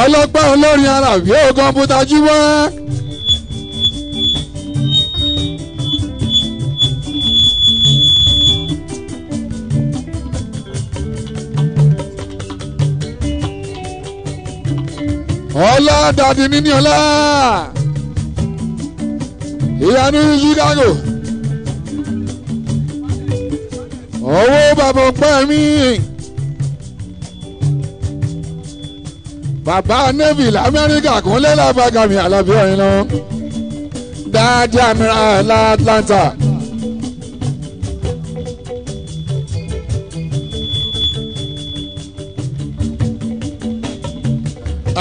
ọlọ́gbọ́n olórin ara bí ó kọ́mpútà jí wá. ọlá dàdí mi ní ọlá ìyanu Chicago owó bàbá ọpẹ́ mi. bàbá navy lamẹ́ríkà kúnlẹ̀ lábàgàmì alábí ọ̀yìn lọ dáadé amira látlanta.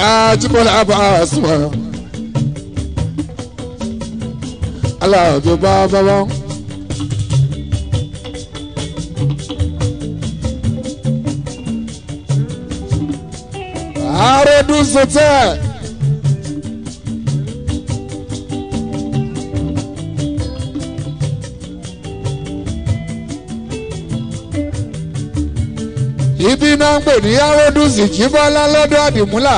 àtúbọ̀lá bá a sùn. aláàbò bá bá wọn. hotel. ibi náà ń pè ní arodu zikibola lọ́dọ̀ àdìmúlà.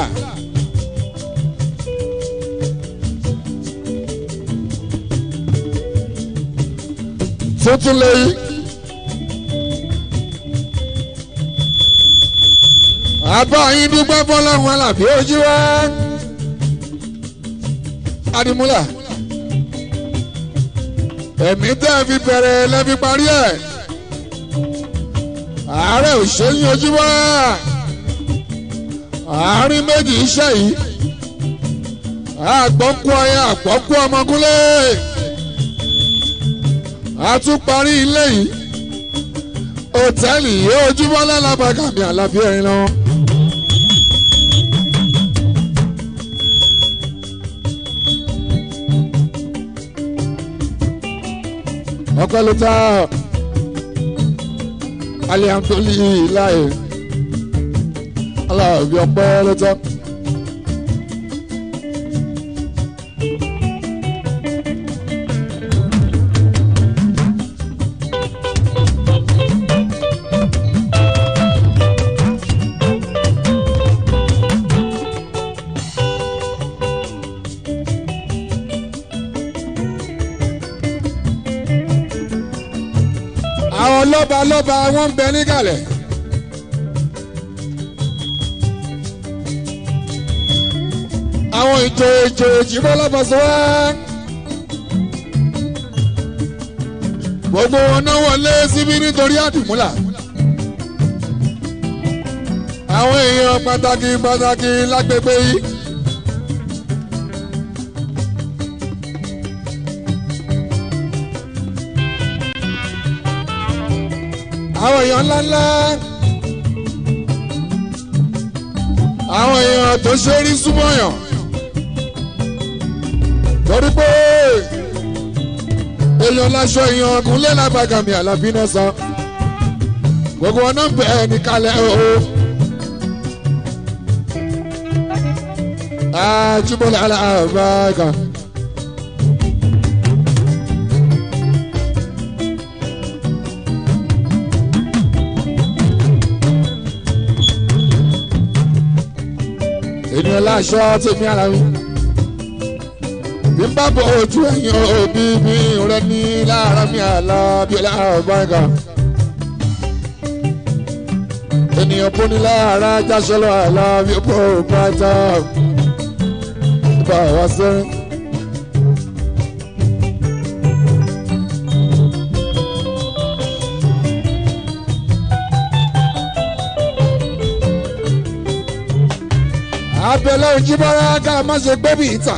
tuntun lẹ́yìn. àbáyín dúpẹ́ fọlọ́run àlàfé ojú wa adimula ẹ̀mí tẹ́ ẹ fi bẹ̀rẹ̀ lẹ́ fi parí ẹ̀ àárẹ̀ òṣèyìn ojú wa àárín méjì iṣẹ́ yìí àgbọ̀nkú ọyẹ àgbọ̀nkú ọmọkúnlẹ̀ àtúparí ilé yìí òtẹ́ẹ̀lì yìí ojúmọ́ lálàbàgàmì àlàfé ẹ̀rin náà. ọpẹ́ ló tá alihamdulilayi aláàbí ọpẹ́ ló tá. lọ́ba lọ́ba wọ́n ń bẹ níkàlẹ̀. àwọn ìjòyè ìjòyè jìbọ́ lábàṣọ wá. gbogbo wọn náà wọlé síbí nítorí àdìmúlà. àwọn èèyàn pàtàkì pàtàkì lágbègbè yìí. àwọn èèyàn ńláńlá àwọn èèyàn tó ṣe rí súnmọ́yàn torí pé èèyàn láṣọ èèyàn ọkùnrin lábàgàmì àlàbí náà sọ gbogbo ọ̀nà bẹ́ẹ̀ ní kalẹ̀ o. Ajibọ̀lá àlàbàgàmì. aṣọ tèmi ara mi. bí n bá bọ ojú ẹ̀yìn òbí mi rẹ ní lára mi àlá bí ọlá ọ̀bọ̀nìkà. ènìyàn bó ní lára jáṣọ́ lọ́ àlá bí ó bọ̀ bá tán. bá a wá sẹ́rìn. abẹ́lẹ́ òjì bọ́ra ká má ṣe gbé bí ìta.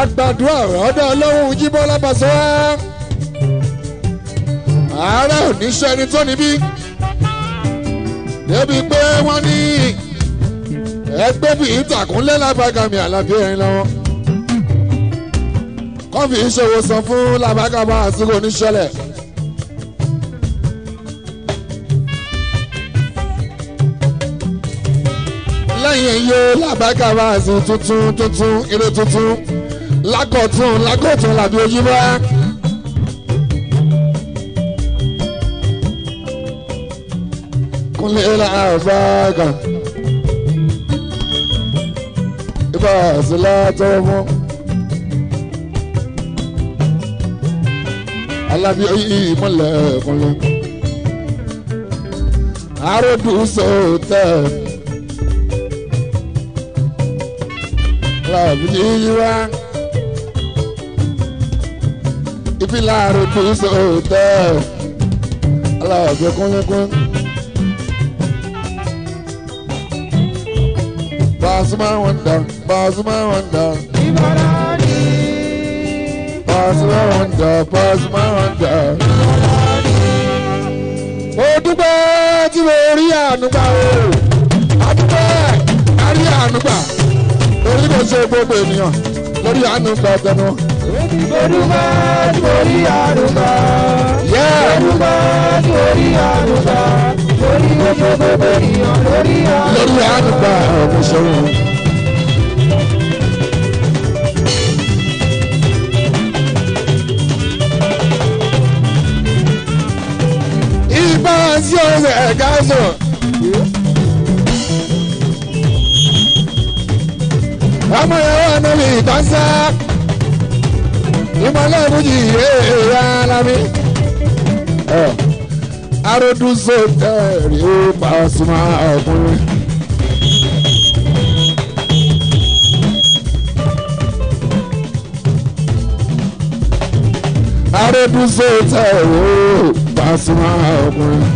àgbàdua ọ̀dọ̀ ọlọ́run jíbọ́lá Pasuma ààrẹ oníṣẹ́ ẹni tó níbí débi pé wọ́n ní ẹgbẹ́ bíi ìtàkùnlé lábàgàmì àlàbí ẹ̀rín lọ́wọ́ kọ́fì ìṣòwò sọ fún làbàgàmà àsìkò oníṣẹ́lẹ̀. lẹ́yìn yó làbákà máa sì tuntun tuntun ire tuntun lákọ̀tún lákọ̀tún làbí oyinbá. kúnlẹ̀ làbákà ibà sí látọ̀ mọ́. alábí ìmọ̀lẹ̀ kúnlẹ̀. aródùn sọ̀tẹ̀. love you are. If you lie to me so tough, I love you, kun kun. Pasuma wonder, Pasuma wonder. Ibarani. Pasuma wonder, Pasuma wonder. Ibarani. Mo dúpẹ́ tí mo rí àánú gbà o. A dúpẹ́ a rí àánú gbà torí kò ṣe gbogbo ènìyàn lórí àánú gba ọ̀gbẹ́ni wọn. Olùgbòdùmá torí àdùgbà. Olùgbòdùmá torí àdùgbà. Torí kò ṣe gbogbo ènìyàn lórí àánú. Lórí àánú gba ọ̀gbìn ṣòro. Ibà sí ọ̀sẹ̀ ẹ̀ka sọ̀rọ̀. ọmọ ìyàwó ànábì tọ́sá ìmọ̀lẹ́ ìbújì èèyàn alámi. aródúnso tẹ̀rí ó pa ọ̀sùnmọ́ ọkùnrin. aródúnso tẹ̀rí ó pa ọ̀sùnmọ́ ọkùnrin.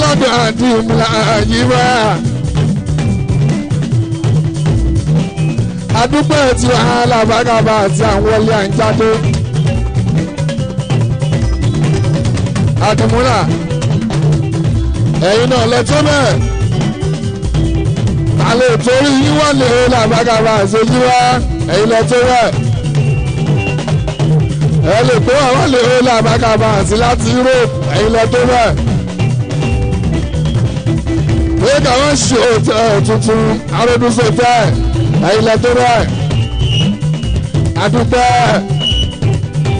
lọ́dọ̀ àdìmúlá yìí wá. adúgbò tí wàhálà bákàbà àti àwọn ọlẹ́ à ń jáde. àdìmúlà ẹ̀yin náà lẹ́tọ́ bẹ́ẹ̀ àlè torí yín wà lè hẹ́lá bákàbà àti yíwá ẹ̀yin lẹ́tọ́ bẹ́ẹ̀ ẹ lè kó àwọn lè hẹ́lá bákàbà àti láti Europe ẹ̀yin lẹ́tọ́ bẹ́ẹ̀ pé káwọn ṣe òtún tuntun arẹ́dúnṣe àyìnlá tó rà àdúpẹ́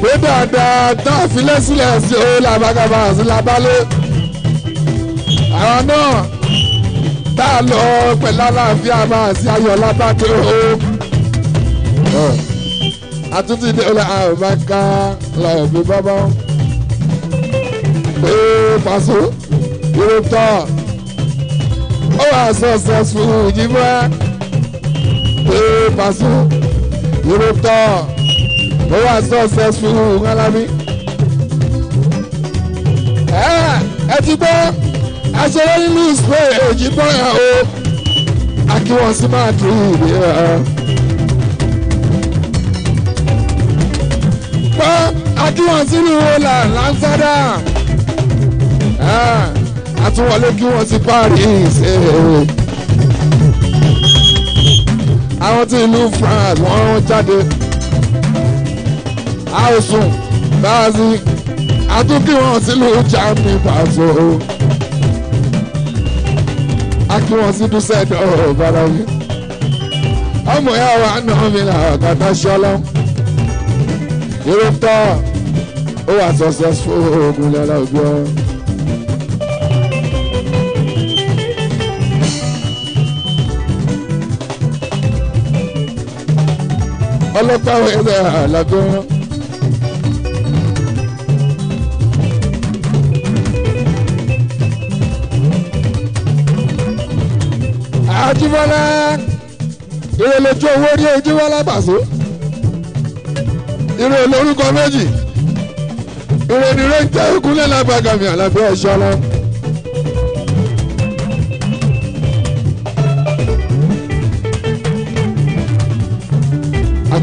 pé dáadáa tá a fi lẹ́sílẹ̀ sí o làbàgàbà sí labalé àwọn náà tá a lọ pẹ̀lú aláàfíà máa sí ayọ̀ lábàdé o àtúntì dé ọlọ àwọn bá ká lọ bí bábá pé faso irú tán ó wà successful yìí mọ́ pé Paso irú tọ́ ó wà successful Alabi. ẹ ti gbọ́ aṣọ́rọ́ nínú Spain èjì bọ́yà o akíwọ̀nsí máa dùn ìlera. pọ́ akíwọ̀nsí ni wọ́n là lánzádà àtúwọlé kí wọ́n ti Paris. Eh, eh, eh àwọn tí ìlú France wọ́n jáde a ò sùn báàsì àtúnkì wọn sílùú Germany pàṣẹ o akí wọn sí dúsẹ́dọ̀ ọ̀bára mi ọmọ ìyá wa náà mi là kàtà ṣọlá irú tọ́ ó wà successful ogun lọ́la òbí ọ. ọlọ́pàá wẹ̀rẹ̀ àlàjọ wọn. Àjíbọ́lá ìrẹ̀lẹ̀jú owó rí Àjíbọ́lá Pàṣọ ìrẹ̀ lórúkọ méjì ìrẹ̀ nìrẹ̀ ń tẹ́ ìkúnlẹ̀ lágbàgàmì àlàbẹ̀ ọ̀ṣọ́lá.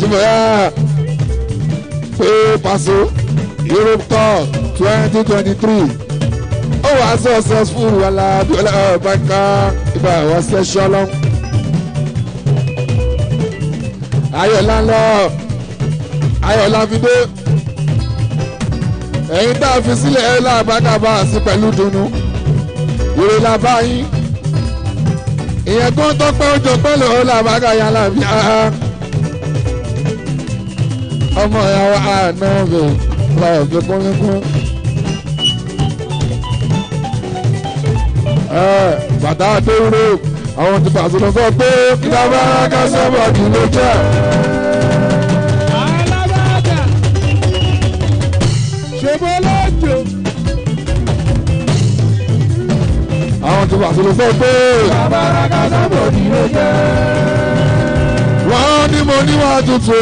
tí yá pé Paso Europe Tour twenty twenty three ó wàá successful wàhálà bíọ́lá ọ̀bánká ibà wọ́n ṣe ṣọ́lọ́. ayọ̀ lánlọ́ ayọ̀ láfidé ẹ̀yin tá a fi sílẹ̀ ẹ̀ láàbákàbá sí pẹ̀lú dunu ìrè la bá yín ìyẹn kó tọ́pẹ́ ó jọ pẹ́ lọ́ọ́ làbákàyà làbíà ọmọ ìyàwó àná rẹ̀ la òfin kúnlẹ́kún. bàtà tó rò àwọn ti pàṣẹ lọ sọ pé kí ló bá ká sábà kì ló jẹ́. àwọn ti pàṣẹ lọ sọ pé. bàbá ara ká sábà kì ló jẹ́ wọ́n ní mo níwà tútù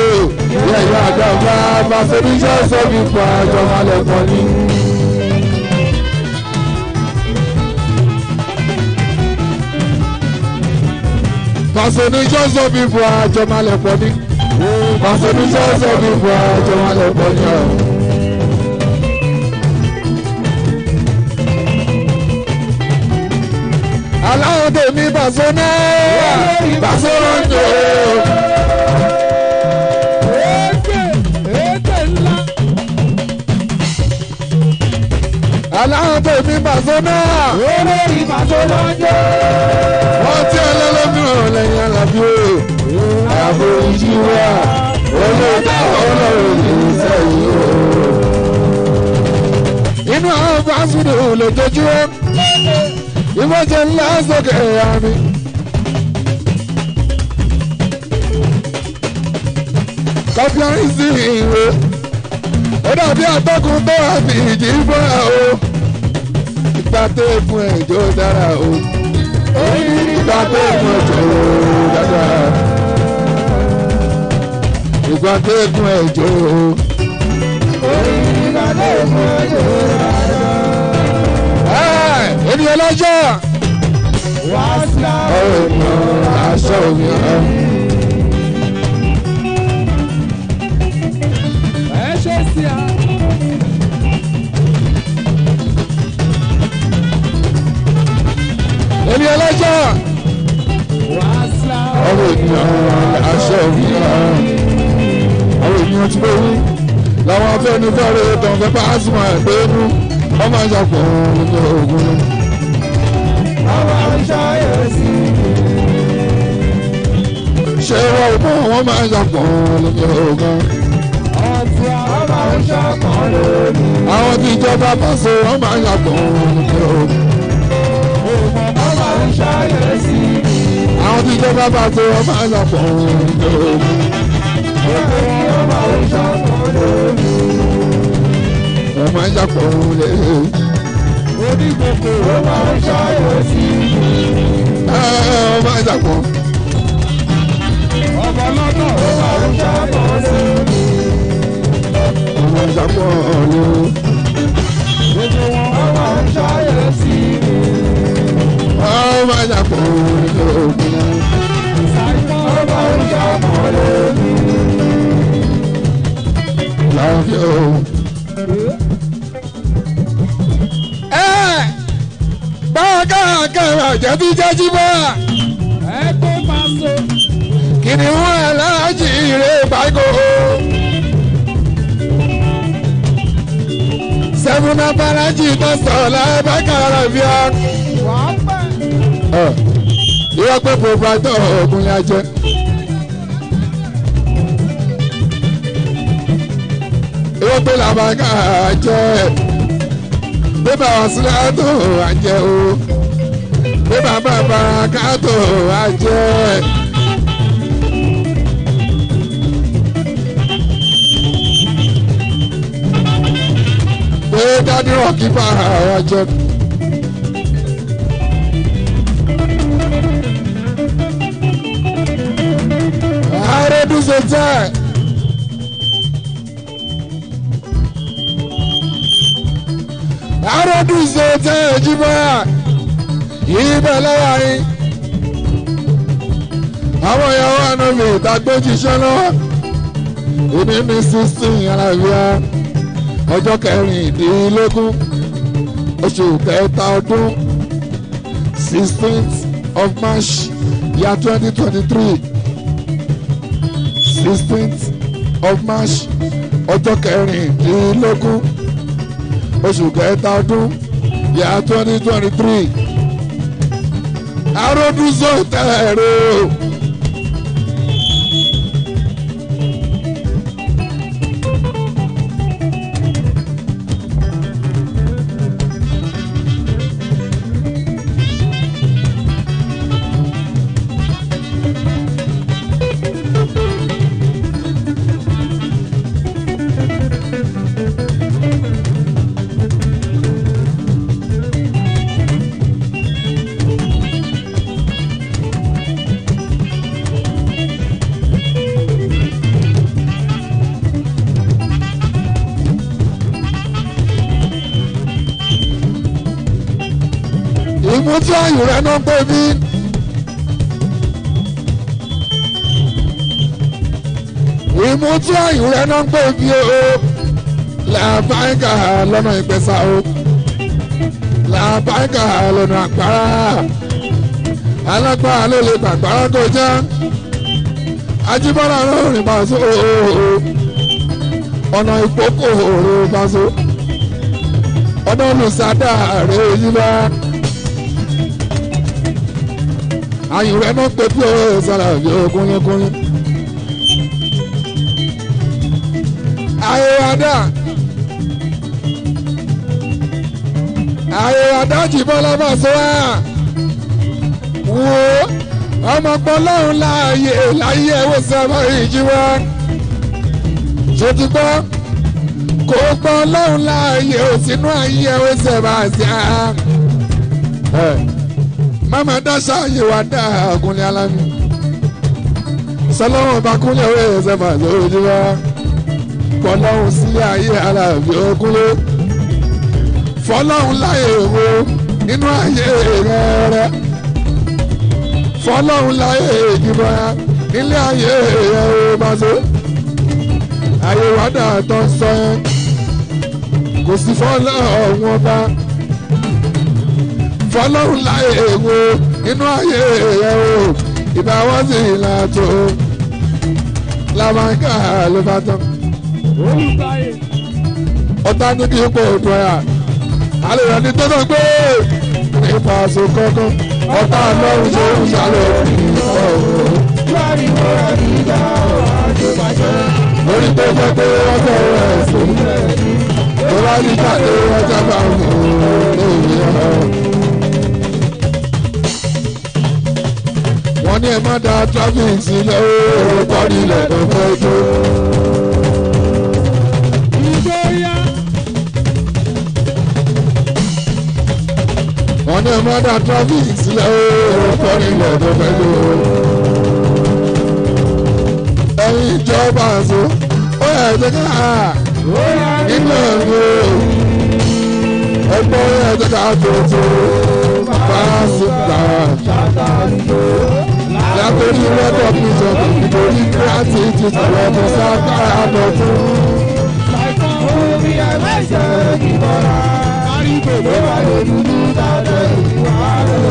ìyá ìyá àgbàgbà fàṣẹbíṣẹ́ sọ́bí pa àjọmọ́lẹ̀ kan ní. fàṣẹbíṣẹ́ sọ́bí pa àjọmọ́lẹ̀ kan ní. fàṣẹbíṣẹ́ sọ́bí pa àjọmọ́lẹ̀ kan ní. aláwọ̀ tèmi bàṣọ náà bàṣọ náà. aláǹtẹ̀ mi Pasuma. olórí Pasuma jẹ́. wọ́n ti ọlọ́lọ́mìíràn lẹ́yìn alábí o. àforíjì wa olóòtú ọlọ́run ní sẹ́yìn o. inú àwọn fásitì ò lè jọjú ẹ. ńlá sókè ẹ̀yà mi. kọ́fíọ́rì sí ìwé ó dàbí atọ́kùn tó àbí ìjì bọ́ra o nígbà tó fún ẹ jó dára o ó ní nígbà tó fún ẹ jó dára nígbà tó fún ẹ jó ó ní nígbà tó fún ẹ jó dára. ènìyàn lọ́jọ́ wàá sí àwọn ènìyàn aṣọ òmìnira. orí ẹlẹ́jà ọ̀rọ̀ ènìyàn aṣọ òmìnira àwọn ènìyàn tí wọ́n rí làwọn afẹ́nifẹ́re tàn fẹ́ pàṣípà ẹ̀gbẹ́ inú wọ́n máa ń ṣàpọ̀ ní ogun. àwọn aṣáájú sí i. ṣé wọn ò mọ̀ wọ́n máa ń ṣàpọ̀ ní ogun. ọtí àwọn aṣáájú kan lónìí. àwọn tí ìjọba pàṣẹ wọ́n máa ń ṣàpọ̀ ní ogun ṣàyẹ̀sí. àwọn tí ìjọba bá tó wọn máa lọ pọ̀ lórí. ètò ìyá máa ń ṣàpọ̀ lórí. wọ́n máa ń ṣàpọ̀ lórí. onígbòkò wọ́n máa ń ṣàyẹ̀sí. ẹ ẹ wọ́n máa ń ṣàpọ̀. ọmọ lọ́nà wọ́n máa ń ṣàpọ̀ lórí. wọ́n máa ń ṣàpọ̀ lórí. má dàpọ̀ oríṣi ògùn. Ìsàlùmọ́ ọba oríṣi ọmọ lórí. Láàfin o. Ẹ báwa káàkiri àjẹbí jẹ́jú bá. Ẹ kó máa so. Kìnìún ẹ̀ láàjì rẹ̀ báyìí kò irọ́ pé proprietor oògùn yẹn jẹ. irọ́ pé làbàkà jẹ bébà wàsílẹ̀ tó wà jẹ o bébà bàbà ká tó wà jẹ. pé dádìrọ̀ kí bá wa jẹ. Aradu Hotel. Aradu Hotel Jimá ibẹ̀ lọ́wọ́ yín. Àwọn ìyàwó ànábì ìtàgbéjìṣẹ́ lọ́wọ́. Òní ní sixteen alábíà ọjọ́ kẹrìndínlógún oṣù kẹta ọdún sixteenth of March year twenty twenty three sixteenth of march ọjọ́ kẹrìndínlógún oṣù kẹta ọdún yà twenty twenty three aródúzọ́ tẹ̀rọ. ojú ayùn rẹ náà ń pè rẹ náà ń pè mí o làbáyíkà lọ́nà ìgbẹ́sà o làbáyíkà lọ́nà àgbára alágbára ló lè gbàgbára kó jẹ́ ajibara lórin bàṣọ ọ̀nà ìkókò òru bàṣọ ọ̀nà olùsádà rẹ̀ yí àyìn rẹ̀ náà pé yo ó sára yóò kúnlẹ̀kúnlẹ̀. àyèwàdà àyèwàdà jìbọn lọ́mọ sọ́wọ́ wo ọmọgbọ́n lọ́hùn láàyè láyé ẹ̀wọ̀ sẹ́mọ́ ìjíwá ṣe ti gbọ́ kò gbọ́ lọ́hùn láàyè òsínú ayé ẹ̀wọ̀ sẹ́mọ́ àṣà mama dasa yewanda Kúnlé Alábí sọlọ́wọ́n bá Kúnlé owó ẹ̀sẹ̀ mà lójúmọ́ fọlọ́hún sí ayé Alábí Kúnlé fọlọ́hún láyé owó nínú ayé rẹ̀ fọlọ́hún láyé ìgbìmọ̀ nílé ayé rẹ̀ ó so ayé wàdà tó sọ ẹ́ kò sí fọlọ́hún ọba fọlọ́run láyé wo inú ayé rẹ o ìbá wọn sì là tó làwọn ká ló bá tán. ọ̀tá níbi ipò òtò ẹ̀ àlè rẹ̀ ní tó náà gbé nípa àṣọ kọ́kọ́ ọ̀tá lọ́run ṣe ń ṣàlẹ̀ lórí tó jẹ́ pé wọ́n jẹ́ rẹ̀ sí i lórí tó jẹ́ bá wọn lórí ọ̀hún. wọ́n ní ẹ má da traffic sílẹ̀ ooo torí lẹ́kọ̀ọ́ fẹ́ jó. wọ́n ní ẹ má da traffic sílẹ̀ ooo torí lẹ́kọ̀ọ́ fẹ́ jó. ẹ̀yin ìjọba àṣọ ó yẹ ẹ̀jẹ̀ ká nínú ẹ̀rọ ẹgbẹ́ ẹ̀jẹ̀ ká tó tó. Fáṣítà ṣàtàlú látòrí lọ́dọ̀ píjọ nítorí kíláàsì ti tẹ̀lé ọdún sábà àbọ̀tún. láìpẹ́ òun bí ẹlẹ́sẹ̀ ìbọ̀ra àríkè ló wà lórí nígbàdàn ìwà lọ.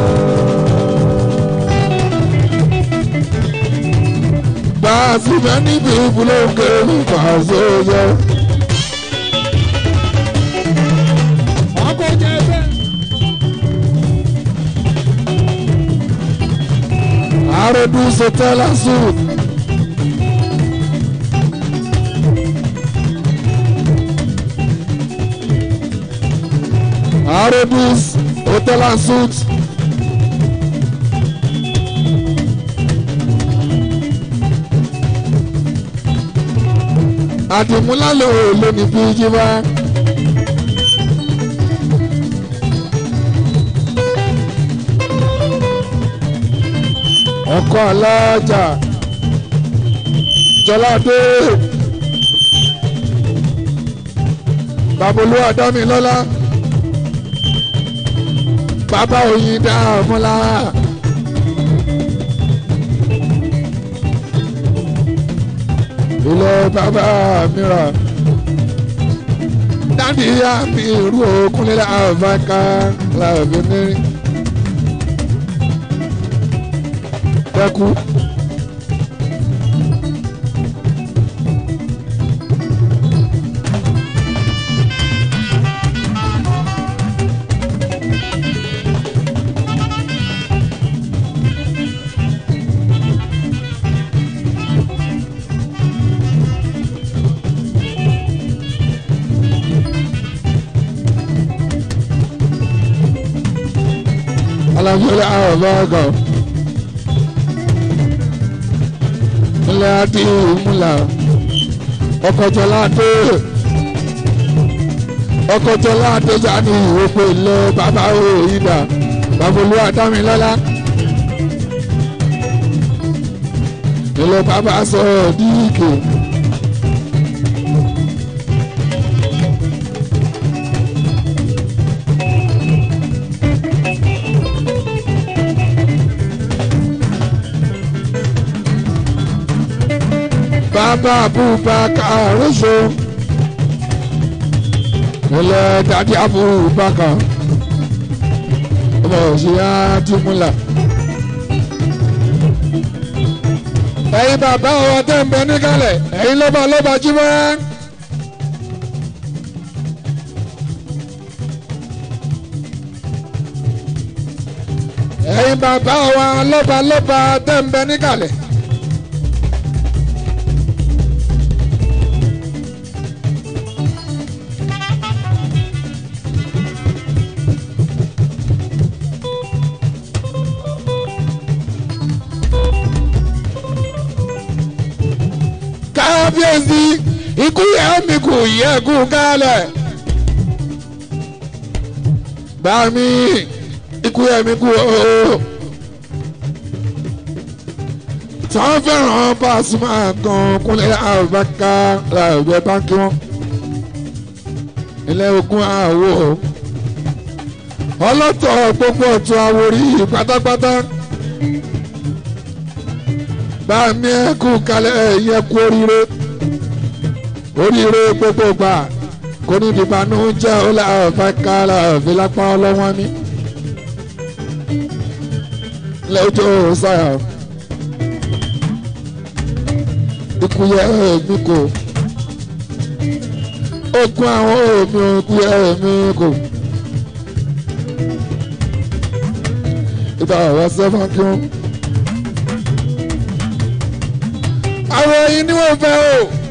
gbàásù mẹ́ni bí ibùdó kẹrin Arodu Sotela Sud. Arodu Sotela Sud. Àdìmúlá lòun ló ní bí jí wá. ọkọ alájà jọládé babolú adámilọ́lá bàbá oyin dáàmúlá. ilé bàbá mìíràn dáàdì yá mi rú òkúnlélá àbáká làbí mìíràn. fẹ́ kú. alájọ́lá àwọn ọ̀gá ọ̀gá. adé òmùlà ọkọjọlá adé ọkọjọlá adé jáde òpè ilẹ̀ bàbá òyìnbá babolú adámilọ́lá ilẹ̀ bàbá sọ̀rọ̀ díìkì. Baba Abubakar Ojo ilẹ̀ dàdí Abubakar ọmọ òṣìyá tìmúlà. ẹ̀yin bàbá wa tẹ́ ń bẹ níkàlẹ̀ ẹ̀yin lọ́ba lọ́ba jímọ́. ẹ̀yin bàbá wa lọ́ba lọ́ba tẹ́ ń bẹ níkàlẹ̀. ezi ikú yẹ omi kù yẹ kú kálẹ̀ gbà mí ikú yẹ mi kú ooo táwọn fẹ́ràn Pasuma kan kúnlẹ̀ àbáká làbẹ̀ báńkì wọn ilé ogun àwò ọlọ́tọ̀ gbogbo ọ̀tún àwòrí pátápátá bá mi ẹ kú kalẹ̀ ẹ kú oríire oríire gbogbo gbà kò ní ìdìbànú jẹ́ ọlá ọ̀fẹ́ kára ọ̀fẹ́ lápá ọlọ́wọ́n mi. lẹ́jọ́ sáyà ikú yẹ ẹ̀mí kò ogun àwọn òmí ikú yẹ ẹ̀mí kò. ìgbà ọ̀rọ̀ sẹ́fà kí àwọn yìí ni wọ́n fẹ́ o.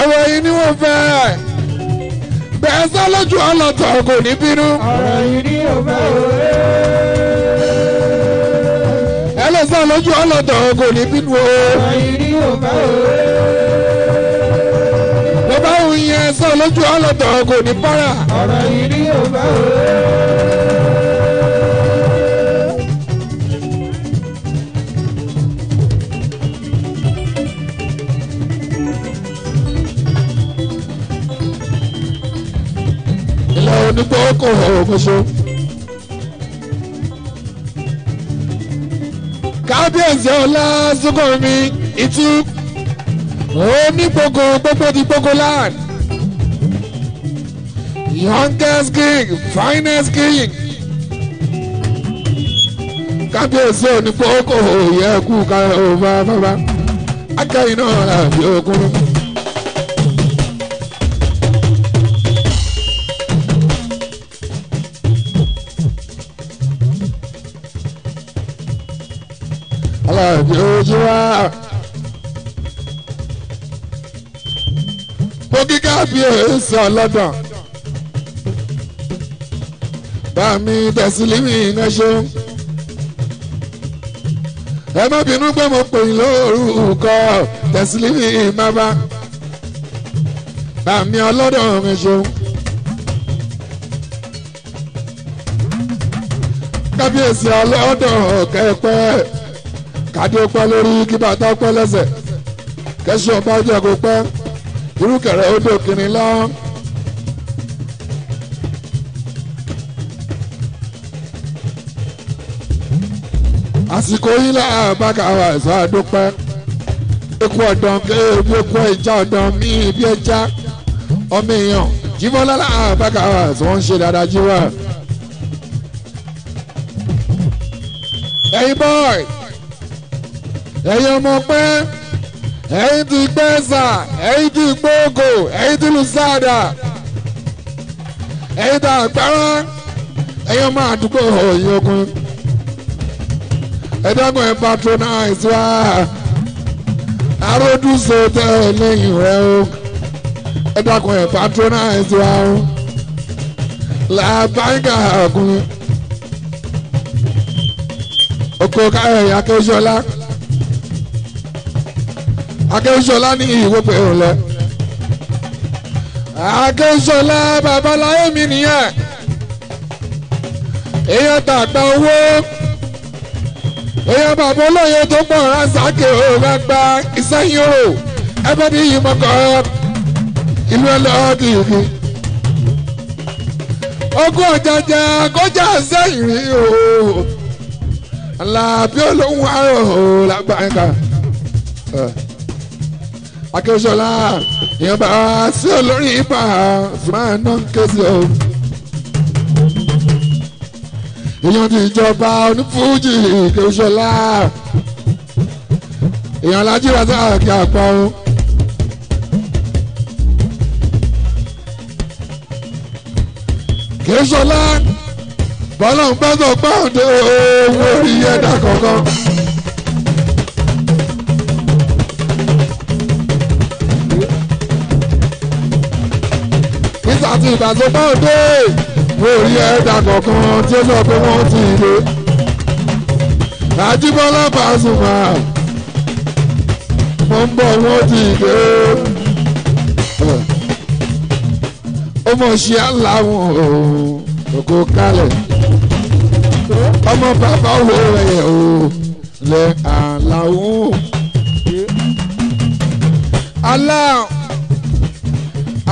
Ọrọ yìí ni mo fẹ́ bẹ́ẹ̀ sọ lójú ọlọ́tọ̀ kò ní bínú. ọ̀rọ̀ yìí ni mo fẹ́ òwe. ẹ lójú ọlọ́tọ̀ kò ní bínú o. ọ̀rọ̀ yìí ni mo fẹ́ òwe. yẹn lójú ọlọ́tọ̀ kò ní dúpẹ́ kò ògùn ṣe. kábíyèsí ọlá Zúkọ̀rọ̀mí ìtú onígbogbo gbogbo di gbogbo land youngest king finest king kábíyèsí onígbogbo òye ẹ̀kú kára òun bá bá bá akẹ́yìn náà àbí okun. àjòjúwà. Bókí kábíyèsí ọlọ́dàn. Bàmí tẹ̀sílímì iná ṣeun. Ẹ má bínú pé mo pè yín lórúkọ tẹ̀sílímì ìmábá. Bàmí ọlọ́dàn mi ṣeun. kábíyèsí ọlọ́dọ̀ kẹ́pẹ́ adé pẹ́ lórí kí bàtà pẹ́ lẹ́sẹ̀ kẹ́sùn ọba jẹ́ kó pẹ́ irúkẹ̀rẹ̀ ó dé kiri lọ́wọ́. àsìkò yìí là bàkà wà ẹ̀sọ́ àdópẹ́ eku ọ̀dàn ebi eku ẹja ọ̀dàn mi ibi ẹja ọmọ èèyàn jíbọ́lá là bàkà wà ẹ̀sọ́ ń ṣe dáadáa jíwọ́. ẹ̀yin bọ́ọ̀ ẹ̀yin ọmọ pẹ́ ẹ̀yin ti gbẹ́ sà ẹ̀yin ti gbóògò ẹ̀yin ti lu sáàdà ẹ̀yin ta àgbára ẹ̀yin ọmọ àdúgbò ọ̀yìn ogun ẹ̀dọ́gbọ̀n ẹ̀ patronize wá aródùsọ tẹ ẹ lẹ́yìn rẹ o ẹ̀dọ́gbọ̀n ẹ̀ patronize wá o làbáyìnkà ọ̀gùn oko káyọ̀ ìyá kẹ́sọ́lá akẹ́sọ̀lá ní ìwé pé òun lẹ. akẹ́sọ̀lá babaláyé mi nìyẹn èèyàn tàgbà owó èèyàn bàbá olóye tó pọ̀ ránṣáàkè òun lágbá ìsẹ́yìn òrò ẹbẹ́ni yìí mọ̀kọ́ ìlú ẹlẹ́ọ̀dì ìlú. ogún ọ̀jàjà kọjá sẹ́yìn rí o làbí olóhùn àrò làgbà ẹ̀ka. Uh akẹ́sọ̀lá èèyàn bá a sí olórí ibà máa ná kéésì o. èèyàn ti ìjọba onífújì kẹ́sọ̀lá èèyàn alájí rasa kí a pa o. kẹ́sọ̀lá bọ́lá ń bá tó gbáǹde owó orí ẹ̀dá kankan. àti ìdàgbọ́pọ̀ dé orí ẹ̀dá kọ̀ọ̀kan tí ó sọ pé wọ́n ti dé. Àjíbọ́lá Pasuma wọ́n ń bọ̀ wọ́n ti dé. Ó ṣe aláwọ̀ òkò kalẹ̀. Ọmọ bàbá wo ẹ̀yẹ̀ o lẹ Aláwọ̀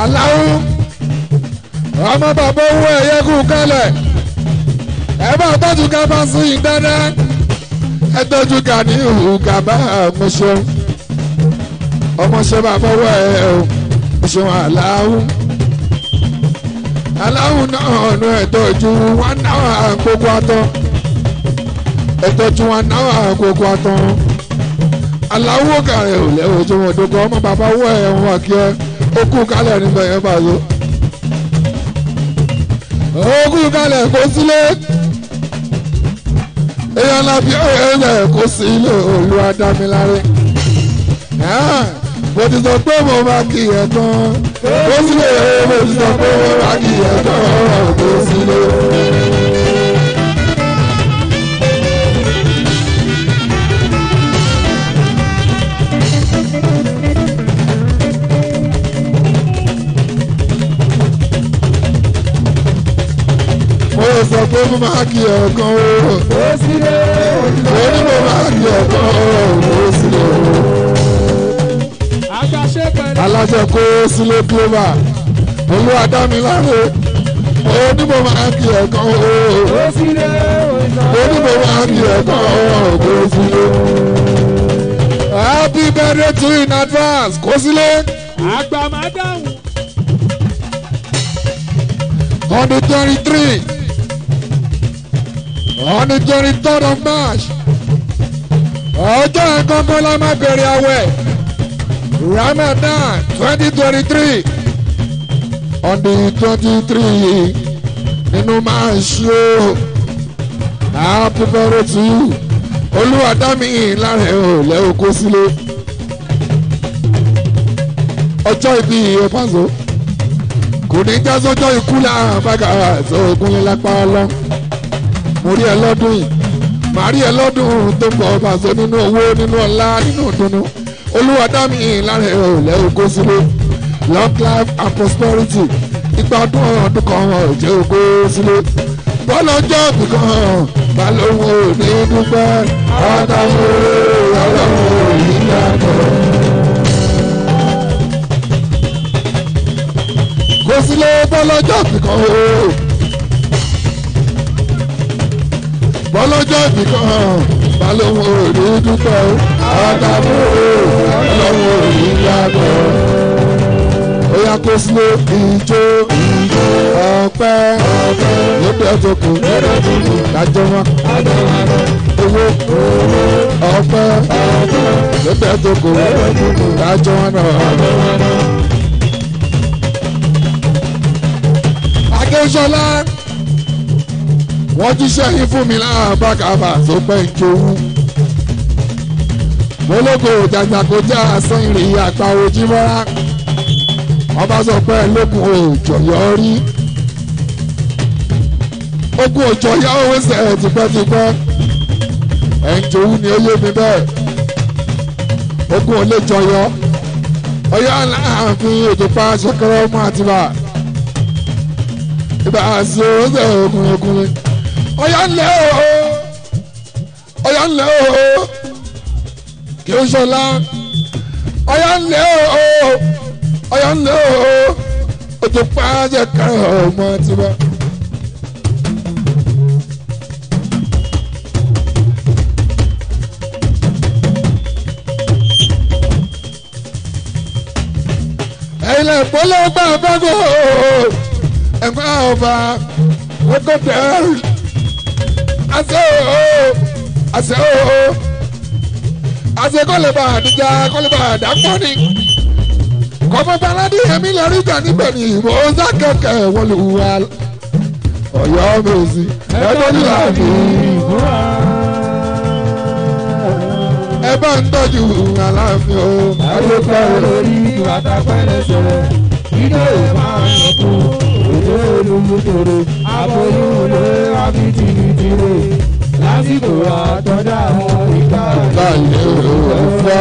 aláwọ̀. ọmọ bàbá owó ẹ̀yẹ kù kẹlẹ̀ ẹ bá bá sí ìdáná ní bá bàbá owó o aláwù aláwù náà ọ̀nà ẹ̀tọ́jú wọn náà àtọ́ ẹ̀tọ́jú wọn náà àtọ́ aláwù kàrẹ̀ ò lẹ́wọ̀ wọn ogún kalẹ̀ kó sílé èèyàn lábí ẹ̀rẹ̀ kó sí ilé Olúwa dá mi láre ah, mo ti sọ pé mo máa kí ẹ tán kó sílé mo ti sọ pé mo máa kí ẹ tán kó sílé. sọ pé mo máa kí ọ̀kan o. ó sì lè. ó ní mo máa kí ọ̀kan o. aláṣẹ kó sílé clover olúwa dá mi ní mo máa kí ọ̀kan o. ó ní mo máa kí ọ̀kan o. happy birthday to you in advance kó sílé. àgbà máa dáhùn. on twenty-three on the twenty third of March ọjọ́ ìkọ́kọ́ la máa bẹ̀rẹ̀ àwẹ̀ Ramadan twenty twenty three ọdún twenty three nínú máa ń ṣó àpòpọ̀rọ̀ tù ú olúwa dá mi lára ẹ̀ ò lẹ́wọ̀ kó sílé ọjọ́ ìbí ìyẹn pàṣẹ kò ní já sọ́jọ́ ikú àti ogun yẹn lápá mo rí ẹ lọ́dún yìí màá rí ẹ lọ́dún tó ń bọ̀ bàṣọ nínú owó nínú ọlá nínú ìdùnnú olúwa dá mi lára ẹ̀ ò lẹ́ ogó sílé long life and prosperity ipa ọdún ọdún kan ò jẹ́ ogó sílé bọ́lá ọjọ́ òbí kan balóhùn ò ní dúpẹ́ ọ̀tàwé ọlọ́run ò ní yàtọ̀. kò sílé bọ́lá ọjọ́ òbí kan o. bọ́lọ́jọ́ nìkan balóhùn òní dúpẹ́ o àtàkùn ọlọ́hùn òní yàgò. ó yá kó sílé ìjó ọpẹ́ lóde ọjọkùn lájọ owó ọpẹ́ lóde ọjọkùn lájọ náà. Adéṣọlá wọ́n jíṣẹ́ yín fún mi láwọn bákàbà tó pẹ́ ń jowú. ológo jàgbàkọjá asán ìrìn àgbà ojúmọ́ra ọba sọ pé lókun òòjọ́ yọ rí. ogun òòjọ́ yá tipẹ́tipẹ́ ẹ̀ ni ó yé mi bẹ́ẹ̀. ogun ò lè jọyọ ọyọ aláàfin òjòpá ṣẹkẹrẹ ọmọ àtibá ìbá àṣẹ ọkùnrin ọkùnrin ọ̀yà ńlẹ̀ o ọ̀yà ńlẹ̀ o kì í ṣọlá ọ̀yà ńlẹ̀ o ọ̀yà ńlẹ̀ o ojú pàjẹ́ kan ọmọ ti bá. ilẹ̀ ìpolówó gbà bẹ́ẹ̀ kó ẹ̀fọ́ ọba ẹ̀kọ́ tẹ̀ ẹ́ àṣẹ ooo àṣẹ ooo àṣẹ kọ́lẹ̀bà àdìjà kọ́lẹ̀bà àdàpọ̀ ni kọ́mọ́gbáládé ẹ̀mí lẹ́rí ìjà níbẹ̀ ni ìmọ̀ ọ̀sá kẹ̀kẹ́ wọlé wúwa ọ̀yọ́ mèsì ẹ̀dọ́ nílà ní ìmúra ẹ bá ń tọ́jú aláàfin o. àlùkò lórí àtàkùnrin sọ̀rọ̀ ìdó máa ń kú òde olùmúkòrò àbóyún lórí àbíjì ìrè lásìkò àtọ́dá àwọn ìgbà ìgbàlè òfò.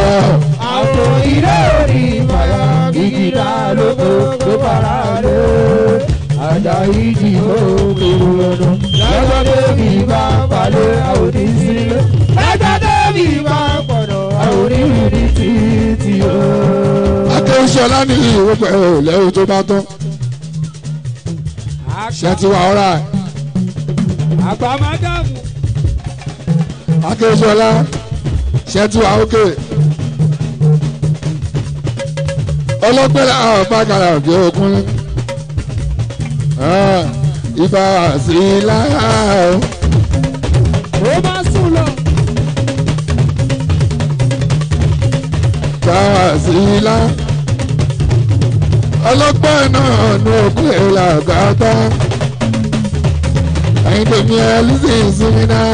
àpò ilé òní ìpàyà gígìdá lóko ló bára lé. àjà ìjì òkè lọ́dún. lọ́jọ́ débi bá balẹ̀ àwòdì sílẹ̀. lọ́jọ́ débi bá pọ̀dọ̀ àwòdì rí títí o. akéwìsọ̀lá ní ìwé pẹ̀lú lẹ́yìn tó bá tán. ṣé ti wà ọ́ra ẹ̀ àgbà mádàmù. akérèsọlá ṣẹtù àókè ọlọpẹlẹ àwọn ah, bàgàrà òkè òkun ah, ibà sí lára o. ó má sùn lọ. ibà sí lára ọlọpẹ náà ní òkú ìlà gàdá ẹ̀yin tèmi ẹ lísì ìsinmi náà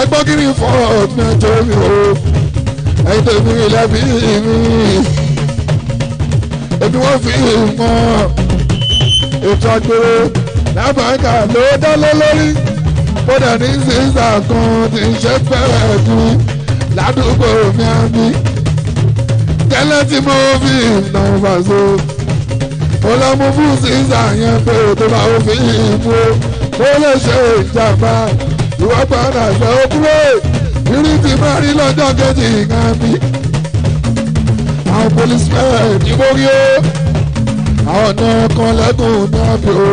ẹgbọ́n kí ni fọ́ ọ̀gbìn ẹjọ́ mi o ẹ̀yin tèmi ilẹ̀ fi ìlú ebi wọ́n fi mọ́ ètò agbèrè lábàáńkà ló dálé lórí kódà ní sísà kan ti ń ṣe pẹ́rẹ́ bí ládùúgbò mi á bí tẹ́lẹ̀ tí mo fi ìnà ìfàṣọ ó lọ mú fún sísà yẹn pé o tó bá ó fi ìfú ó lè ṣe ìjàmbá ìwọ padà sọ ó kúrò ìrí ti máa rí lọ́jọ́ kejì kan bí. àwọn policemen ní mórí ó àwọn náà kan lẹ́kùn náà bí ó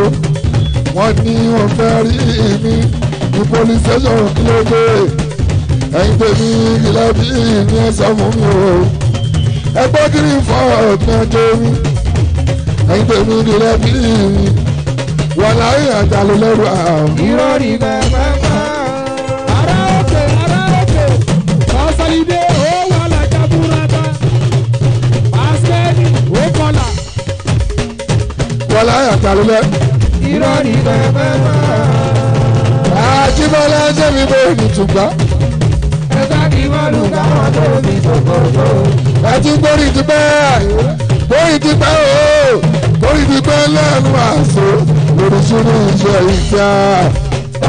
wọ́n ní wọ́n fẹ́ rí mi ní police station kí ló dé ẹ̀yin tèmi ìlẹ́bí ní ẹ̀sán fún mi o ẹgbẹ́ kiri fọ́ ọ̀gbìn ọjọ́ mi ẹ̀yin tó ní ilé bí wọn láyé àjálù lẹ́rù àwọn. ìrọ̀rì bẹ̀rẹ̀ bá ara òkè ara òkè ọ̀sálídé ó wà lájà búrata pàṣẹ́ni ó kọlà. wọn láyé àjálù lẹ́rù. ìrọ̀rì bẹ̀rẹ̀ bá. àjíbọ́lá jẹ́ mi bẹ́ẹ̀ ni tùgbà ẹ̀ka kí wọ́n lù káwọn tó fi ṣòkòtò. ẹ ti gbórí ti bẹ́ẹ̀ torí ti pẹ́ o torí ti pẹ́ lẹ́nu àṣọ lórí sínú iṣẹ́ ìjà.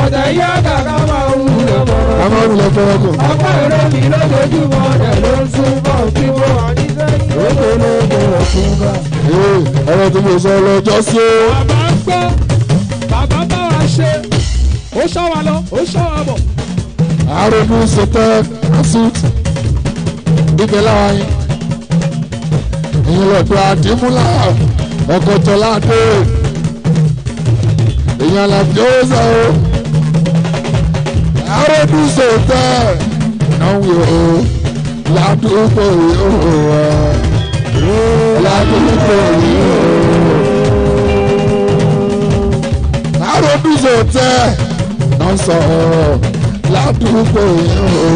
ọ̀dà yá kàkà máa ń lọ fọ́rọ́. a máa ń lọ fọ́rọ́ kù. ọ̀pá èrò mi lójoojúmọ́ ọ̀dẹ̀ ló ń súnmọ́ kí wọ́n wà ọ̀rọ̀ tó lè sọ lọ́jọ́ sí o. bàbá ń gbọ́ bàbá bá wa ṣe ó ṣọ́ wa lọ ó ṣọ́ wa bọ̀. àrùn mi ṣe tẹ́ àṣùtù ibẹ̀ láwa yín ìyẹn lọ́dọ̀ àdìmúlà ọ̀kọ̀tọ̀lá dé ìyẹn làbíyó sọ o àròdù sòtẹ́ náwó o ládùúgbò yìí o ládùúgbò yìí àròdù sòtẹ́ náà sọ o ládùúgbò yìí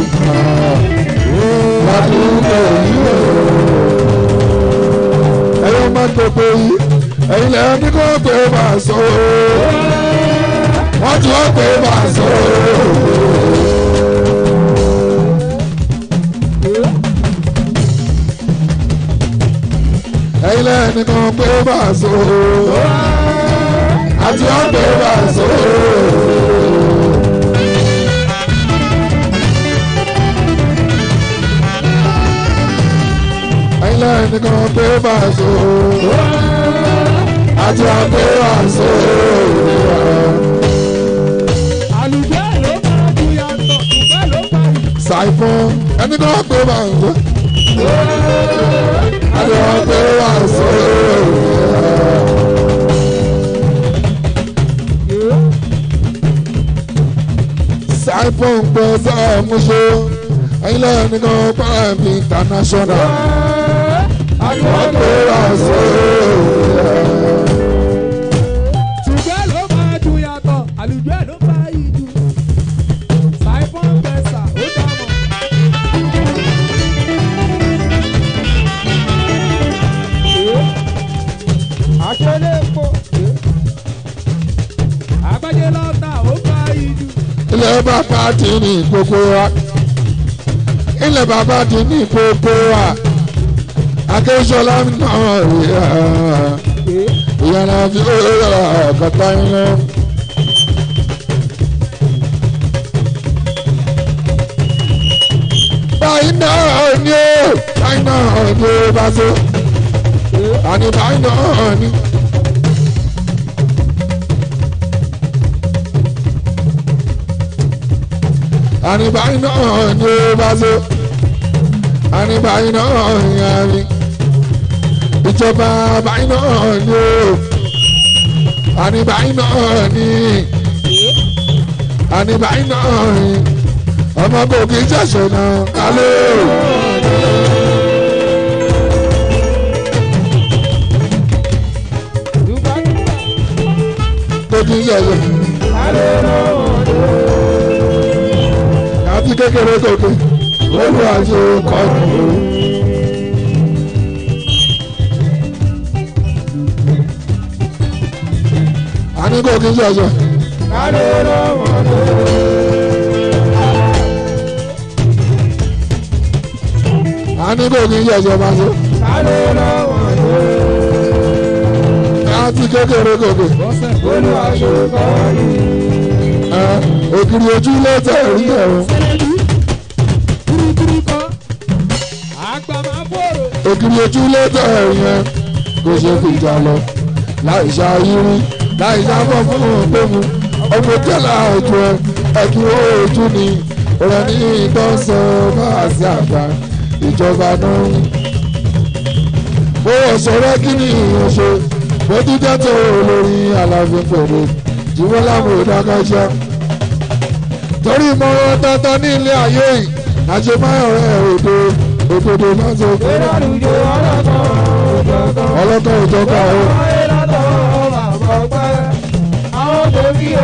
o ládùúgbò yìí o ẹ̀yin máa ń gbogbo yìí ẹ̀yin lẹ́yìn ní kò pé máa sọ ooo wọ́n ti wọ́n pé máa sọ ooo. ẹ̀yin lẹ́yìn ní kò pé máa sọ ooo àti wọ́n pé máa sọ ooo. ẹnìkan pé máa so àti àpé máa so. àlùbẹ́ ló máa bu yàtọ̀ ìgbẹ́ ló máa. ṣàìfún ẹnìkan pé máa so àti àpé máa so. ṣàìfún pẹ̀sẹ̀ mú so ẹ̀yin lẹ́yìn nìkan pàrọ̀ international àkọ́kọ́ra sí i. ṣùgbọ́n ló máa dùn yàtọ̀ àlùjọ ẹ̀ ló bá yìí dùn. Simon Besa ó dámọ̀. akẹ́lẹ́ epo agbájé lọ́tà ó bá bàbá ti ní gbogbo wa akẹ́sọ̀lá náà ìyá ìyára fi ó yára kàtà iná. báyìí náà ni ó báyìí náà ni ó bá so àní báyìí náà ni. àní báyìí náà ni ó bá so àní báyìí náà ni a rí ìjọba báyìí náà ni o àní báyìí náà ni àní báyìí náà ni ọmọ gòkè jẹ̀ṣẹ̀ náà kálẹ̀ o. gòkè jẹ̀ṣẹ̀ kálẹ̀ o. àti kékeré gòkè olùwàjò kọ́ni. àní kò kí n ṣọṣọ. kálí lọ́wọ́ lọ́wọ́. àní kò kí n ṣọṣọ máa ṣe. kálí lọ́wọ́ lọ́wọ́. láti kékeré gògè. olúwa ṣe kọ́ ni. ògiri ojú ló tẹ̀ rí ẹ̀rọ. ògiri ojú ló tẹ̀ rí ẹ̀ kó ṣe fìjà lọ láì ṣe ayé rí láìsá bọ̀ fún ògbómu ọmọ tẹ́lá ojú ẹ ẹ̀kí ojú ni ọ̀rọ̀ ní ìtọ́sọ bá àṣẹ àgbà ìjọba náà. mo wọ̀ sọ̀rọ̀ kí ni ìyẹn ṣe mo tún jẹ́ tó olórí aláàfin pẹ̀lú jùlọ láwọn ìdákọ́ṣẹ́. torí mọ́wọ́ tọ́tọ́ ní ilé ayé yìí àṣemáyọ̀ rẹ̀ òde òdodo máa ń sọ fún mi. ọlọ́tọ̀ ìjọba ọ̀hún.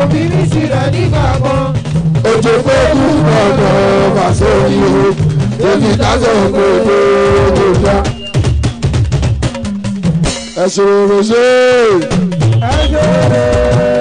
òbí mi sì rẹ̀ nígbà kan. ojú pé kú gbọdọ̀ fàṣẹ yìí o èmi dájọ́ pé pé ojú gbà. ẹ ṣòro ṣe. ẹ ṣòro.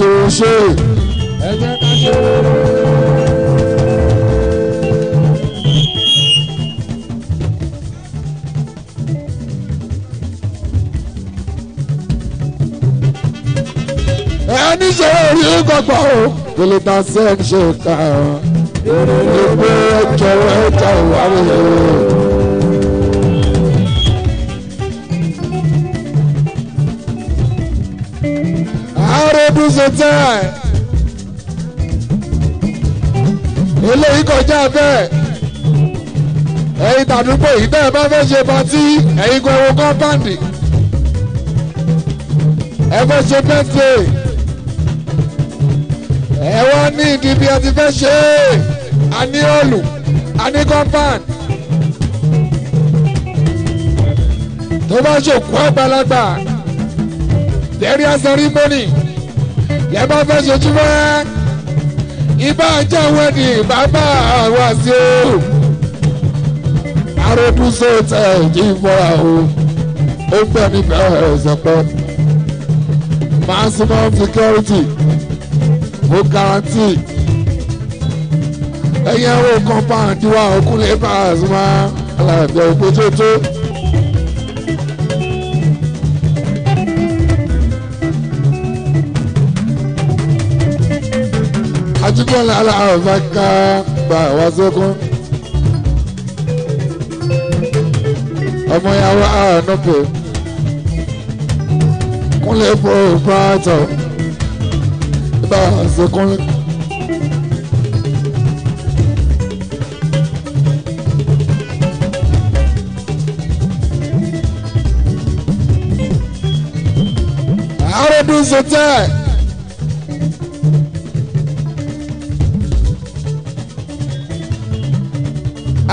ṣòro ṣe ẹ jẹ́ ká ṣe rere. ẹni ṣe orí gbogbo o kìlì ta ṣe ń ṣe ìrìn ló gbé ẹjọ́ ẹjọ́ wà o. ṣe tán eléyìí kọjá bẹ́ẹ̀ ẹ̀yin tàdúgbò yìí bẹ́ẹ̀ bá fẹ́ ṣe patí ẹ̀yin kan ẹ̀wọ̀n kọ́ńpáǹdì ẹ fẹ́ ṣe birthday ẹ wá ní ìdíbi ẹ ti fẹ́ ṣe é a ní òòlù a ní compound tó bá ṣòkú àgbàlagbà there is ceremony lẹ́ bá fẹ́ ṣe túmọ̀ ibà jẹ́ wẹ́ẹ̀dì bàbá wa sí o aródúnṣe tẹ̀ jí fọ́ra o ó gbẹ̀ níbẹ̀ ẹ̀sẹ̀ pọ̀ maximum security mo guarantee ẹ̀yẹ́wò compound wa òkúlẹ̀ bá a sùn wá alábẹ́ òkú tó tó. àtúndọ̀lá aláàfà ká gbà wá sókún. ọmọ yàwó àánúpò kúnlẹ̀ fò pàtó bá sókún. Arẹ́dùn sọ́tẹ́ẹ̀.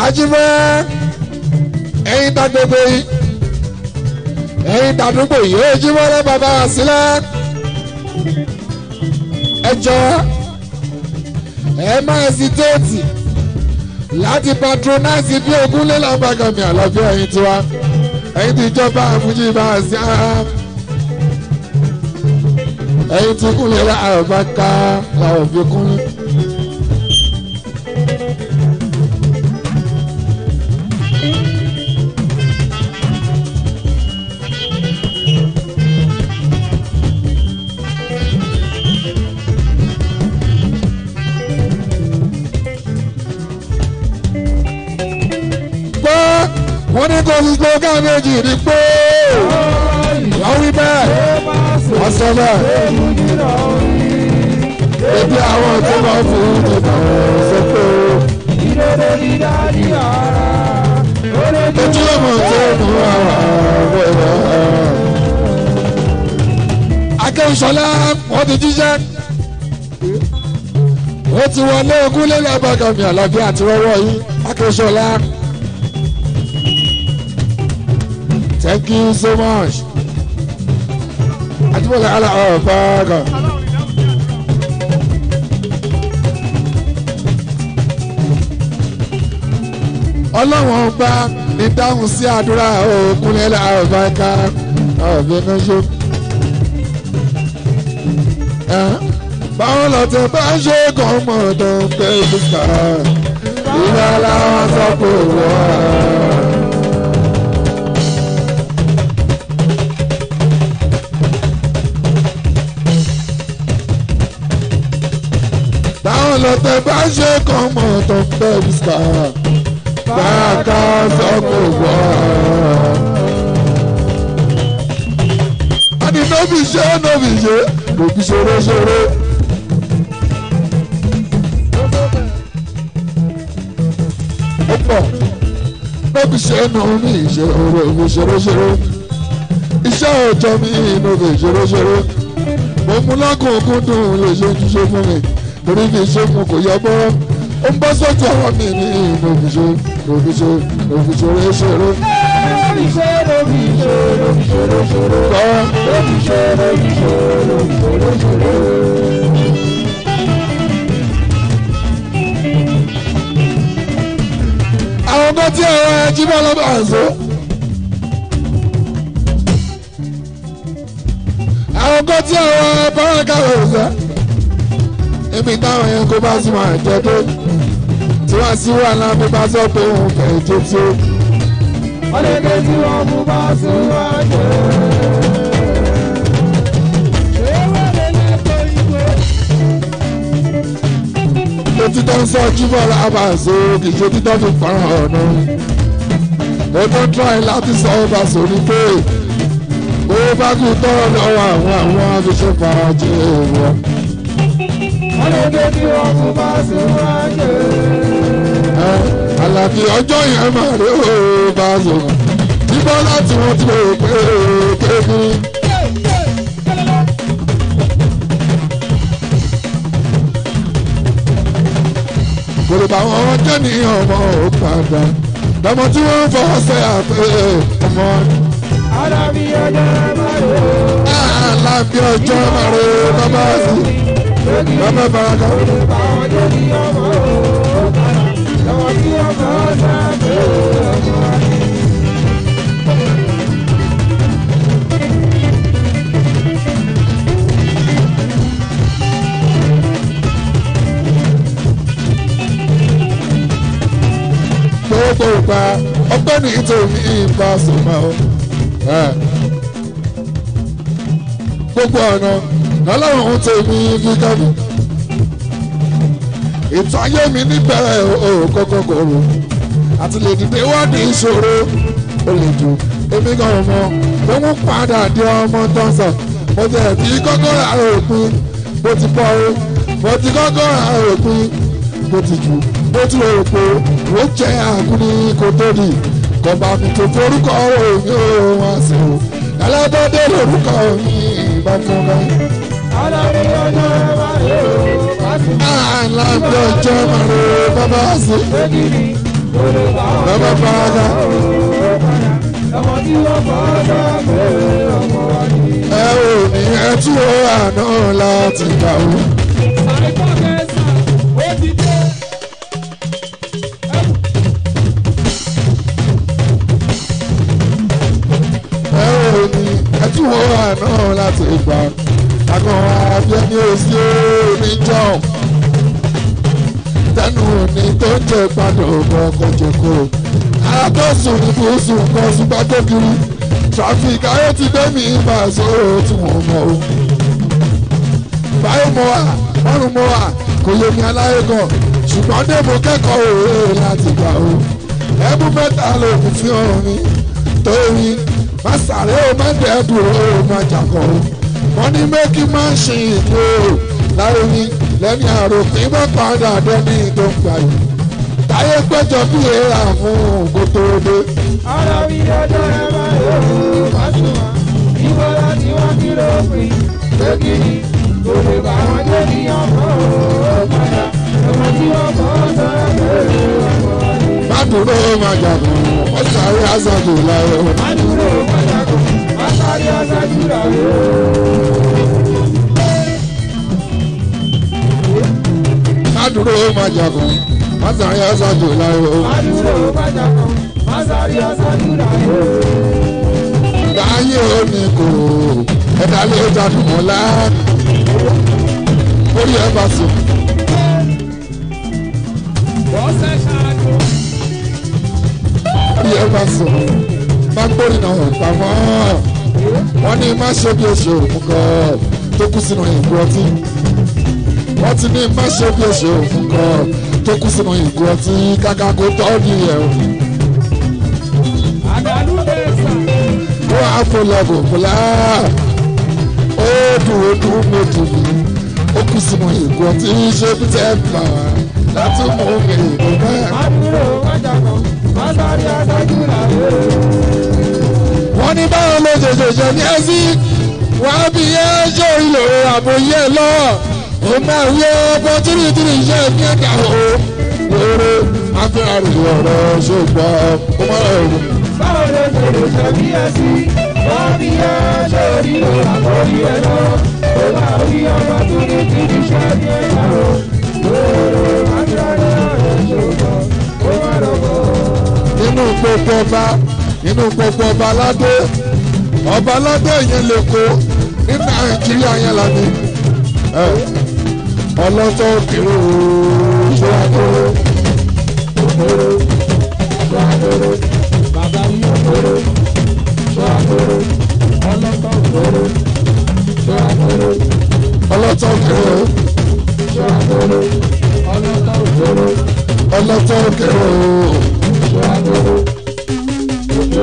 ajímẹ́ ẹ̀yin tàgbègbè yìí ẹ̀yin tàdúgbò yìí ó jímọ́ lẹ́ bàbá wa sílẹ̀ ẹ jọ ẹ má hesitate láti patronize bí ogún lé lágbàgàmì àlọ́bí ẹ̀yin tiwa ẹ̀yin ti ìjọba àfújì bá a sí ara ẹ̀yin ti kúnlẹ̀ láàbá ká làwọn fi kúnlẹ̀. slogan méjì ni pé wọ́n wí bẹ́ẹ̀ wọ́n sọ Ebi àwọn tó máa fún un ní ìbàwọ̀ sọ pé o. Ìdòdó ní dárí ara. Ojú ọmọ tó mú àwọn àwọn ẹ̀rọ. Akẹ́wùsọ̀lá wọ́n ti jíjẹ́. Ó ti wọlé ogún àlàbí àti rọ́wọ́ yìí. Akẹ́wùsọ̀lá. thank you so much àtúbọ̀lá ala ọ̀pọ̀ọ̀kọ̀. Oh, ọlọ́wọ́n bá ní dáhùn sí àdúrà òkúnlẹ̀ oh, àbáká oh, ọ̀bẹ̀nàjò. báwọn lọ́tẹ̀ bá ń ṣe kàn mọ̀ ọ̀dọ̀ pẹ̀lú ká ìlàlá wọn sọ pé wọ́n. lọ́tẹ̀ bá ń ṣe kàn mọ́ tó ń bẹ́ bùsà bàkà sọ́kò wá. àní nóbì ṣe nóbì ṣe òbí ṣeré ṣeré. ó pọ̀ nóbì ṣe nóbì ṣe òbí ṣeré ṣeré. iṣẹ́ òjò mi nóbì ṣeré ṣeré. mo mú lọ́kùnkún dùn lè ṣe ojúṣe fún mi torí kì í ṣe fún kò yọ bọ́ ó ń bọ́ sọ́tì àwọn mi ní ìròbìṣe ìròbìṣe ìròbìṣe rẹ̀ rẹ̀ ṣeré. àwọn ọmọ tí ẹ̀rọ ẹjí bá lọ́dọ̀ àzó. àwọn ọmọ tí ẹ̀rọ ẹ̀ bá wà ká lọ́dọ̀ níbi táwọn yẹn kó bá sì máa jẹ dé tí wọ́n sì wà lábí bá sọ pé òun kẹ̀ ẹ́ jẹ́ tí ó. wọ́n lè dé tí wọ́n mú bá sí wájú. títọ́ ń sọ jíbọ̀ lábà so kì í ṣe títọ́ fi fọ́nrán ọ̀nà. mo tún try láti sọ ọba sórí pé bó bá kú tọ́ lọ́wọ́ àwọn àwọn afiṣẹ́ farajẹ́ wọn ọlọ́gẹ́ tí wọ́n fún bá síwájú. àlàfi ọjọ́ yẹn máa rí òòrùn bá sọ̀rọ̀ bíbọ́ láti wọ́n ti rò pé kéèkì. kòlùbà wọn jẹ́ ní ọmọ òkàdá lọ́mọ tí wọ́n ń fọwọ́ sẹ́ àpé ọmọ. alábí ọjọ́ máa ro. alábí ọjọ́ máa ro bàbá sí i bàbá baraka. Lọ́wọ́ tí ọmọ ọ̀dà tó ọmọ rẹ̀. gbogbo ìgbà ọgbẹ́ nìyí tó ní ìgbà sọ̀mọ́ gbogbo ọ̀nà lọ́lọ́run ń tèmi fíkẹ́mi ìtàn ayé mi níbẹ̀rẹ̀ òkòkò kòrò àti lè dìde wá ní ìṣòro ó lè jù èmi gan ọmọ tó ń padà di ọmọ tọ́sán mo jẹ ẹ̀bí kọ́kọ́ ra òpin mo ti bọ́ ọ mo ti kọ́kọ́ ra òpin mo ti jù mo ti rò pé ó jẹ́ àkúni kò tó di kọ̀ọ̀bà mi tó forúkọ òyìnbó wá sí o alábọ́dé lórúkọ mi ìbá fún báyìí. Alágbọ̀jọ́ màrò bàbá sí. Bàbá fàdà. Ẹ ò ní ẹtú àná láti gbà ó. Ẹ ò ní ẹtú àná láti gbà ó àwọn abẹ́ni òsì omi jọ tẹnu òní tó ń jẹ padà ọmọ ọkọ̀ jẹ̀kọ́ àtọ́sùn ní fúsùn kan ṣùgbọ́n tó kiri traffic ayé ti dé mi ìgbà sọ̀rọ̀ tí wọ́n mọ̀ o báyọ̀ mọ̀ wá ọ̀run mọ̀ wá kò yẹ mi aláyé kan ṣùgbọ́n dèbò kẹ́kọ̀ọ́ òwe láti gbà o ẹ̀bù mẹ́ta ló kù fi hàn mi torí má sàré o má dẹ́dùn o má jàkọ̀ o wọ́n ní méjì máa ń ṣe ìgbò láyé ní lẹ́yìn àròpín bá padà dẹ́ni tó ń gbà yìí táyé péjọ bí èèrà fún ògo tó dé. ọ̀rọ̀ mi ló dára máa yọ òun fásùnmá ìwọ láti wọ́n kí ló pin lókì ní kò lè bá wọn dé ní ọmọ òun padà ọmọ tí wọ́n kọ́ sọ́ra lórí ọmọ rẹ̀. má dúró má jàdùn ó sáré àzàdùn láyọ̀. má dúró má jàdùn aṣájúra rẹ̀ o. má dúró má jagun má sáré aṣájúra rẹ̀ o. má dúró má jagun má sáré aṣájúra rẹ̀ o. láyé omi kò ẹ̀dá ló jadùn mọ́ láàánú orí ẹ̀ bá sùn. bọ́sẹ̀ ṣáájú. orí ẹ̀ bá sùn. má gbórí náà pamọ́ wọ́n ní má ṣe bí oṣù òfúkọ́ tó kú sínú ìgò ọtí wọ́n ti ní má ṣe bí oṣù òfúkọ́ tó kú sínú ìgò ọtí kàkà kó tọ́ ní ẹ̀ o. àdàlú lè sàn. kó àfọlọ́bù fúlá ó dúró dúró méjì ni ó kú sínú ìgò ọtí ṣé bí tẹ́ ń bà wá láti mú ìgò náà. a ní o wájà kan má sáré aṣáájú làwọn wọ́n ní báwo ló ṣèṣe ṣe ní ẹ́sí wàá bí yẹ́ ṣó ìlò àbòyẹ lọ òun náà yẹ bọ́ tìrìtìrì iṣẹ́ ní ẹ̀dá o lóore afẹ́ràn ọ̀rọ̀ ṣùgbọ́n ó mọ̀ ẹ̀rù. báwo ló ṣèṣe ṣe ní ẹ́sí wàá bí yẹ́ ṣó ìlò àbòyẹ lọ òun náà yẹ bọ́ tìrìtìrì iṣẹ́ ní ẹ̀dá o lóore afẹ́ràn ọ̀rọ̀ ṣùgbọ́n ó mọ̀ ẹ̀rù. inú gbogbo bá nínú gbogbo ọba aládé ọba aládé yẹn lè kó ní nàìjíríà yẹn lani ọlọ́tọ̀ òkèrè ìṣe àdúró òkèrè ìṣe àdúró bàbá mi òkèrè ìṣe àdúró ọlọ́tọ̀ òkèrè ìṣe àdúró ọlọ́tọ̀ òkèrè ìṣe àdúró ọlọ́tọ̀ òkèrè ọlọ́tọ̀ òkèrè.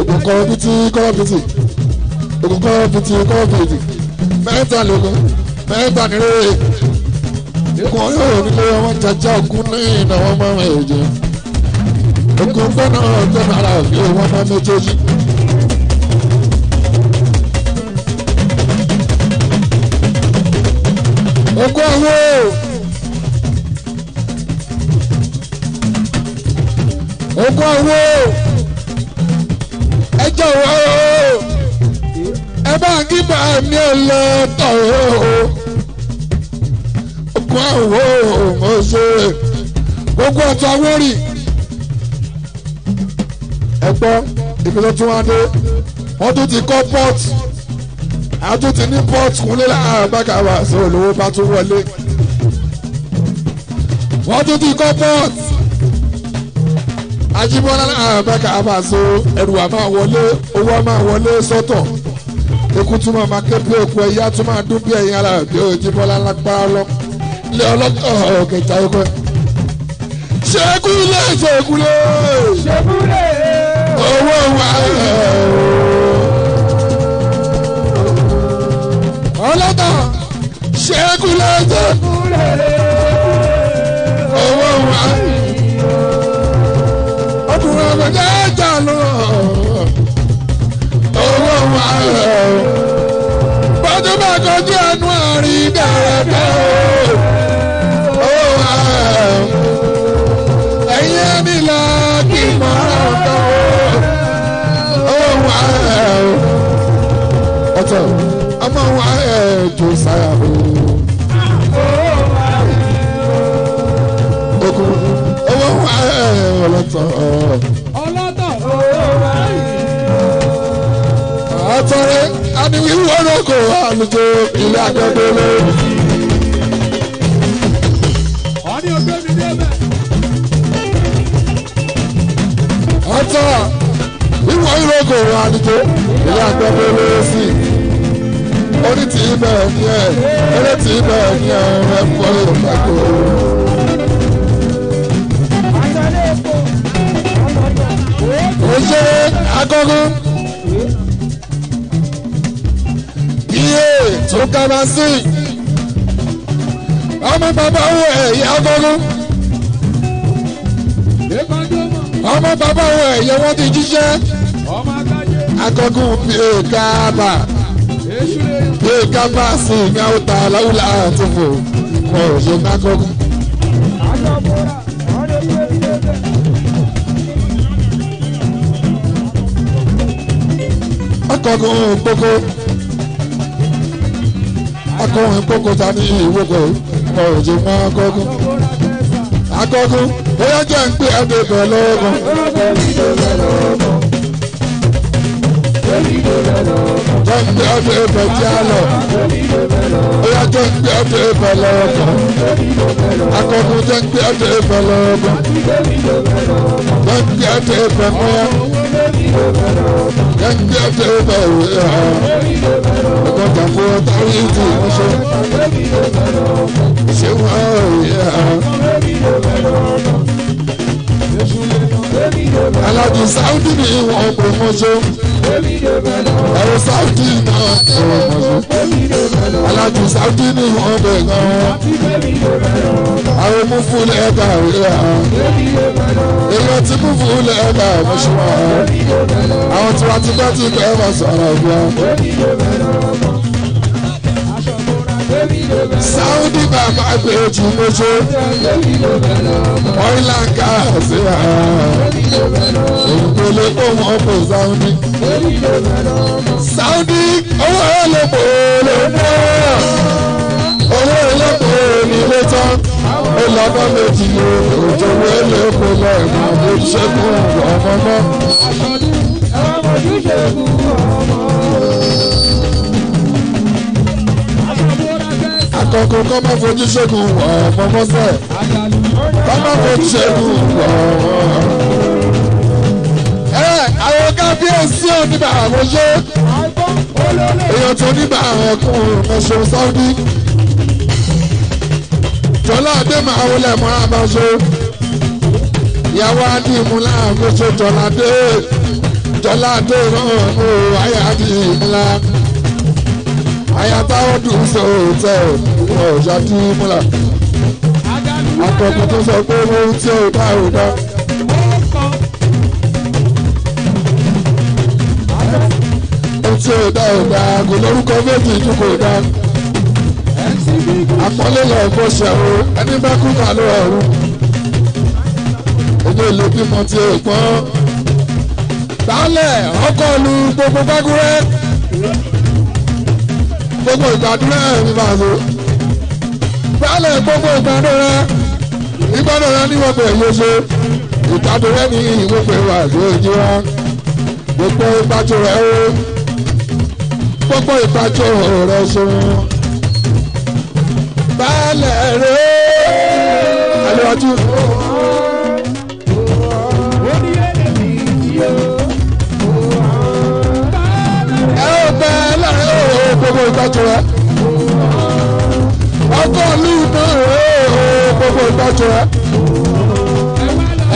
ògùn kọ́rọ́ pìtì kọ́rọ́ pìtì ògùn kọ́rọ́ pìtì kọ́rọ́ pìtì mẹ́ta lògùn mẹ́ta nírèrè ikùn yóò nílé ọmọ jàjà ògùn lẹ́yìn náà wọ́n máa ń èjì ògùn gbọ́nà ọ̀tọ́ náírà òbí wọn máa méjèèjì. ògùn ọ̀hún. ogún owó tọ̀wọ́ ẹ bá ń kíkọ́ àmì ọ̀lọ́ tọ̀wọ́ ogun àwọ̀ ọ̀ṣẹ́ gbogbo ọ̀tọ̀ awórì ẹ gbọ́ ìpínlẹ̀ tí wọ́n á dé wọ́n tún ti kọ́ pọ́ọ̀tì àtún ti ní port kúnlé láàrin bákàwá sí olówó bá tún wọlé wọ́n tún ti kọ́ port Ajíbọ́lá náà bẹ́ẹ̀ ká so ẹrù wa wọlé owó máa wọlé sọ́tọ̀ ikú tún máa òkú ẹ̀yà tún máa dún bí ẹ̀yìn ara bí Ajíbọ́lá lágbára lọ oh, oh, lé ọlọ́jọ́ ọ̀kẹta ọkọ. ṣèkúlẹ̀ ṣèkúlẹ̀ ṣèkúlẹ̀ owó wa. Eh, oh. ọlọ́tà ṣèkúlẹ̀ ṣèkúlẹ̀. dákun ọmọ jẹjẹ lọ owó wa bọ́dún bá kọjú ẹnu àrí dáadáa. mi jó ilé àtọ́dọ́ lọ. ọ̀ní ọgbẹ́ mi dé bẹ̀. ọ̀tọ̀ ìwọ ìrógò àdìjọ ilé àtọ́dọ́ lọ sí orí tí ì bẹ̀rẹ̀ ní ẹ̀ eré tí ì bẹ̀rẹ̀ ní ẹ̀ ẹ̀ fọ́ lè pàtó. Oṣé Akọ́gún. tó kára sí i ọmọ bàbá wo ẹ̀yẹ agolo ọmọ bàbá wo ẹ̀yẹ wọ́n ti jíṣẹ́ akọgun pèkàbà pèkàbà sí ìgbà òta aláwùlà àtúfò wọn ò ṣe bá kọkún. akọgun gbogbo akọrin kókó ta ní ìwókò ọ̀rọ̀jẹ̀ mọ́ akọ́kún. akọ́kún bóyá jẹ́ ń pè ẹ́dẹ̀ kan lọ́wọ́ kan. jẹ́ ń pè ẹ́dẹ̀ ẹ̀fẹ̀ tí a lọ. bóyá jẹ́ ń pè ẹ́dẹ̀ ẹ̀fẹ̀ lọ́wọ́ kan. akọ́kún jẹ́ ń pè ẹ́dẹ̀ ẹ̀fẹ̀ lọ́wọ́ kan. jẹ́ ń mọ́yá. Gẹ́gẹ́ bí ó bẹ̀ wò ó hà. Ẹ̀kọ́ tàbí ó tarí ìdí ìmúṣẹ. Ṣé wọ́n á rí hà? Alájì Sáúdì ni wọ́n promotion ẹ̀rọ sáúdì náà ẹ̀rọ mọ̀sọ́ alájú sáúdì ní ọbẹ̀ gan-an àwọn mú fún ẹ̀bà òwúrẹ́ àwọn èèyàn ti mú fún ẹ̀bà mọ̀ṣọ́ àwọn tí wọ́n ti bá ti bẹ́ẹ̀ bá sọ̀rọ̀ ọ̀gbọ́n sáúdì bàbá gbèjì méjì ọ̀ìlà gáàsì ìpele tó mọ̀ ọ́pọ̀ sáúdì. sáúdì owó ẹlẹ́pọ̀ lọ́pọ̀ owó ẹlẹ́pọ̀ nílé tán ó lọ́dọ̀ méjì lé òjòwò ẹlẹ́pọ̀ lọ́ọ̀mọ́ àbójúṣẹ́gun ọmọ náà. àkọ́kọ́ kọ́ má fojú ṣẹ́gun wọ̀ ọmọ mọ́sẹ̀ kọ́ má fojú ṣẹ́gun wọ̀ ẹ àwọn kábíyèsí oníbà àwọn ṣe èèyàn tó níbà ẹkùn mẹṣọ sáúdí tọ́lá adé máa wọlé mọ́ àbáṣọ ìyàwó adìmú láàmú ṣe tọ́lá adé tọ́lá adé rán ọ̀hún ayé àyàtàwọ̀ dùn sóòótọ́ ọ̀ṣà tí múlà akọ̀kọ̀ tó sọ pé mo ń tí ò bá ò bá. tí ò dá ò dá kò lórúkọ méjì tó kò dá. àpọ́nlé lọ bó ṣe o ẹni bá kú ta ló ọ̀run. ojú ìlú bímọ tí ò gbọ́n. dálẹ̀ ọkọ̀ lu gbogbo gbàgúrẹ́ gbogbo ìgbàdúrà ẹ̀mí màmú. Gbálẹ̀ gbogbo ìgbàdúrà ìgbàdúrà ní wọ́pẹ̀ yóso. Ìgbàdúrà ní ìwọ́pẹ̀ wà lójú wa. Gbogbo ìgbàjọ rẹ̀ ó. Gbogbo ìgbàjọ rẹ̀ sọ̀rọ̀. Gbálẹ̀ rẹ̀ ó. Àlọ́ ọdún. gbogbo ìtọ́jú rẹ. ọkọ mi náà rèé o gbogbo ìtọ́jú rẹ.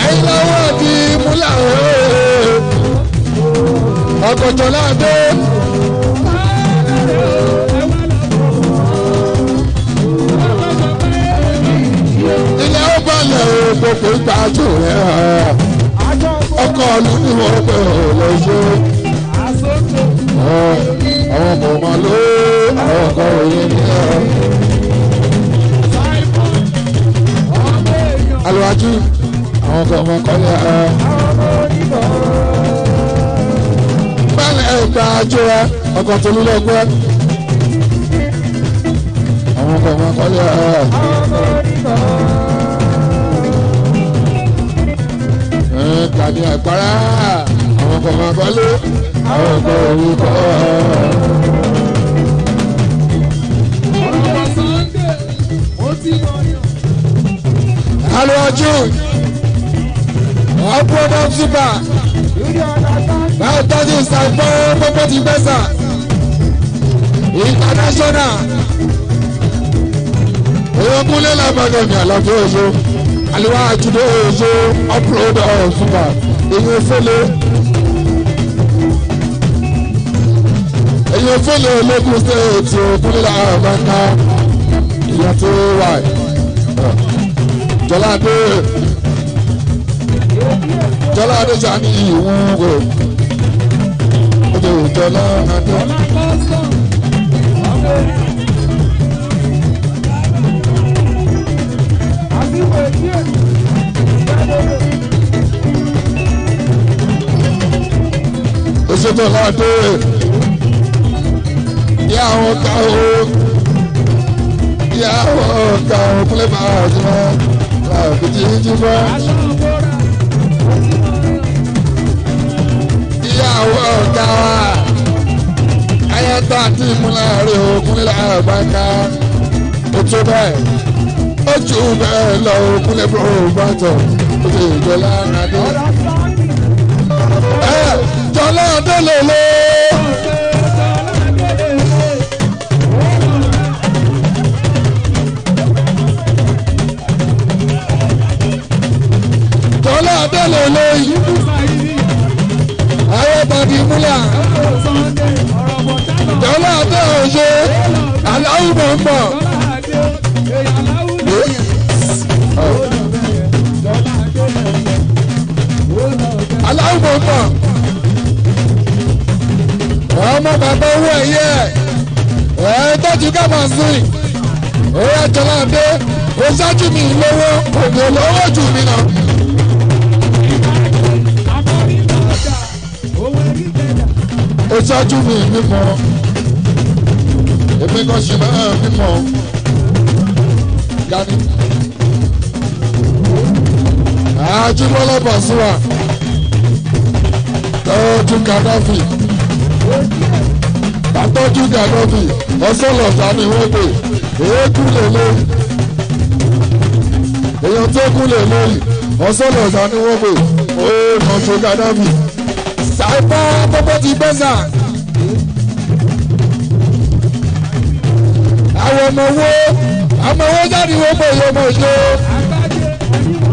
ẹ̀yin lọ́wọ́ di múlà rèé o. ọkọ̀ jọ̀lá jóra ọkọ̀ tó nílẹ̀ gbẹ́. àwọn ọkọ̀ máa kọ́lé ara. kàní àpárá àwọn ọkọ̀ máa kọ́lé àwọn ọkọ̀ orí kọ́. Hello, June. Up, up, up, super báwo tọ́jú ṣàgbọ́n pópó ti gbẹ́sà international ogunlé làbàgàmì àlàfo èso àlùwà àtúndé èso upload all super èyàn fẹlẹ èyàn fẹlẹ ológun stéètì ogunlé làbàgà ìyá tó wà jọlá dé jọlá dé sani ìwúwo lóde òjò lọ́nà tó. Òṣètò náà dé bí àwọn ká o bí àwọn ká o fúlẹ̀ bá a jùlọ làbìtì jùlọ. àwọn ọ̀gá wa ayẹ́tọ́ àti ìmúláàrí Ògúnlé àgbàká ó tó bẹ́ẹ̀ ó jù bẹ́ẹ̀ lọ Ògúnlé bro bàtọ̀ ó ti jọlá adé. ẹ jọlá adé lèlè. jọlá adé lèlè yìí di múlẹ̀ dọ́là tó ń ṣe aláwù mọ̀ ń bọ̀. aláwù mọ̀ ń bọ̀ ọmọ bàbá owó ẹ̀yẹ ẹ̀ tọ́jú kábàásìn ó yẹ jọlá dé ó ṣáájú mi lówó òbí olówó jù mí náà. ó ṣáájú mi mímọ́ èmi kan ṣe máa mímọ́ gani. àjùmọ̀lá bàṣúwà Gaddafi àtọ́jú Gaddafi ọ̀sọ̀lọ̀ta ni wọ́n pè èékú lè lórí èèyàn tó kú lè lórí ọ̀sọ̀lọ̀ta ni wọ́n pè ó mọ̀ Gaddafi ọ̀pọ̀ pọ́pọ́ ah. ti bẹ́sà. àwọn ọmọ owó ọmọ owó jáde wọ́n mọ̀ yọmọ ìjọ.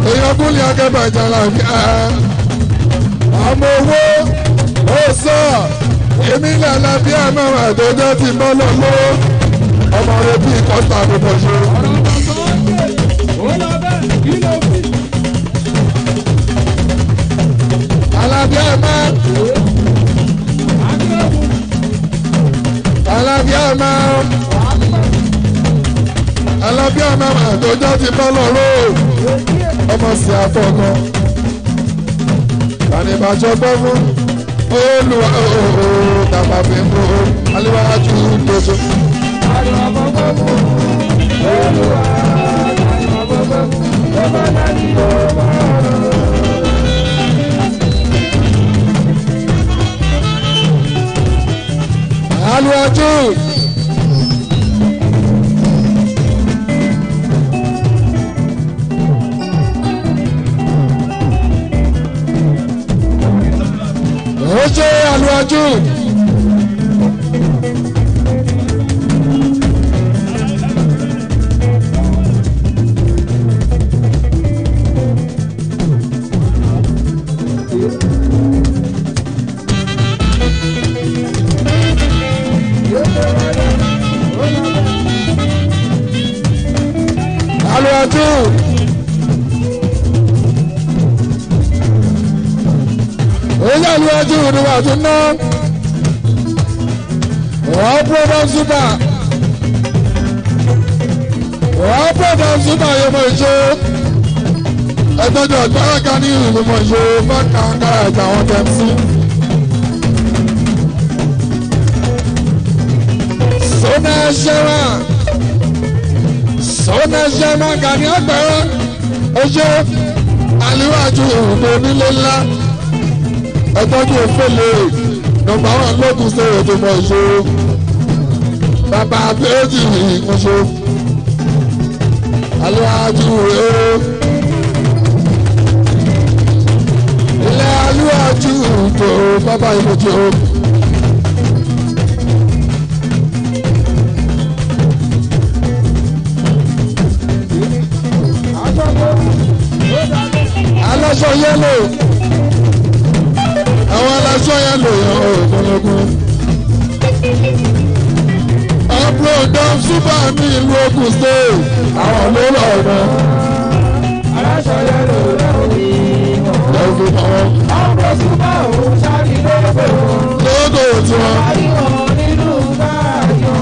èèyàn kúnlẹ̀ akẹ́bà ìjà làbíà. ọmọ owó ó sọ èmi ní àlàáfíà máa àtọ́jọ́ ti mọ́ lọ́wọ́ ọmọ rẹ bíi kọ́ńtà àbúkọ̀ ṣe. àlàáfíà máa àlàáfíà máa àlàáfíà máa àtòjọ́ ti bọ́ lọ́rọ́ ọmọ sí àfọ̀gàn tàníbàjọ́ gbọ́ fún olùwà ooo tàbá fi ń bọ́ aléwájú lóṣù. àlùwà gbọ́gbọ́ fún olùwà tàbá gbọ́gbọ́ fún ọmọ náà ní ọmọ. lanu ọdún. ó jẹ́ àlùwájú. súnmọ́ ayé ọmọ ìṣó ẹgbẹ́jọ gbáraga ní ìlú ọmọ ìṣó bákan kára ẹ̀ka àwọn tẹ̀sí. sọ́nà ṣẹ́wà sọ́nà ṣẹ́wà gani ọgbẹ́rẹ́ oṣó àlíwájú ìrùkọ onílé ńlá ẹgbẹ́jọ òfèlè nọ́mbà wọn lókun ṣe ètò ọmọ ìṣó bàbá abẹ́ẹ́jì ìkúnṣó ilé ajúwe ilé alúwájú tó bàbá ìmọ̀tí o. aláṣọ yẹlò àwọn aláṣọ yẹlò yẹn ò gbọlọgbọ. Dam Super ní ìlú Ogun State àwọn ló lọ rẹ. aláṣọ yẹn ló lẹ́wọ̀n mi. lẹ́wọ̀n mi pamọ́. àwọn tó súnmọ́ òun ṣáàkì lóko. lóko tiwọn. àríwọ̀ nínú báyìí.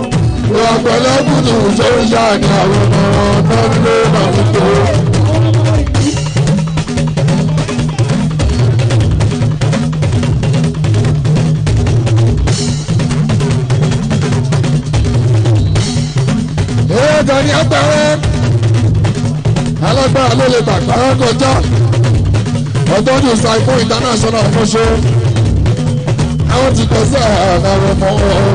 ìwà pẹ̀lẹ́ kùtù sórí ṣáàkì àwọn ọmọ náà ló máa ń tó. alágbára ni agbára alágbára ló lè gbàgbára kọjá ọdọọdún ṣàìkú international fọṣọ àwọn ti kọ sí àrà ọmọ wọn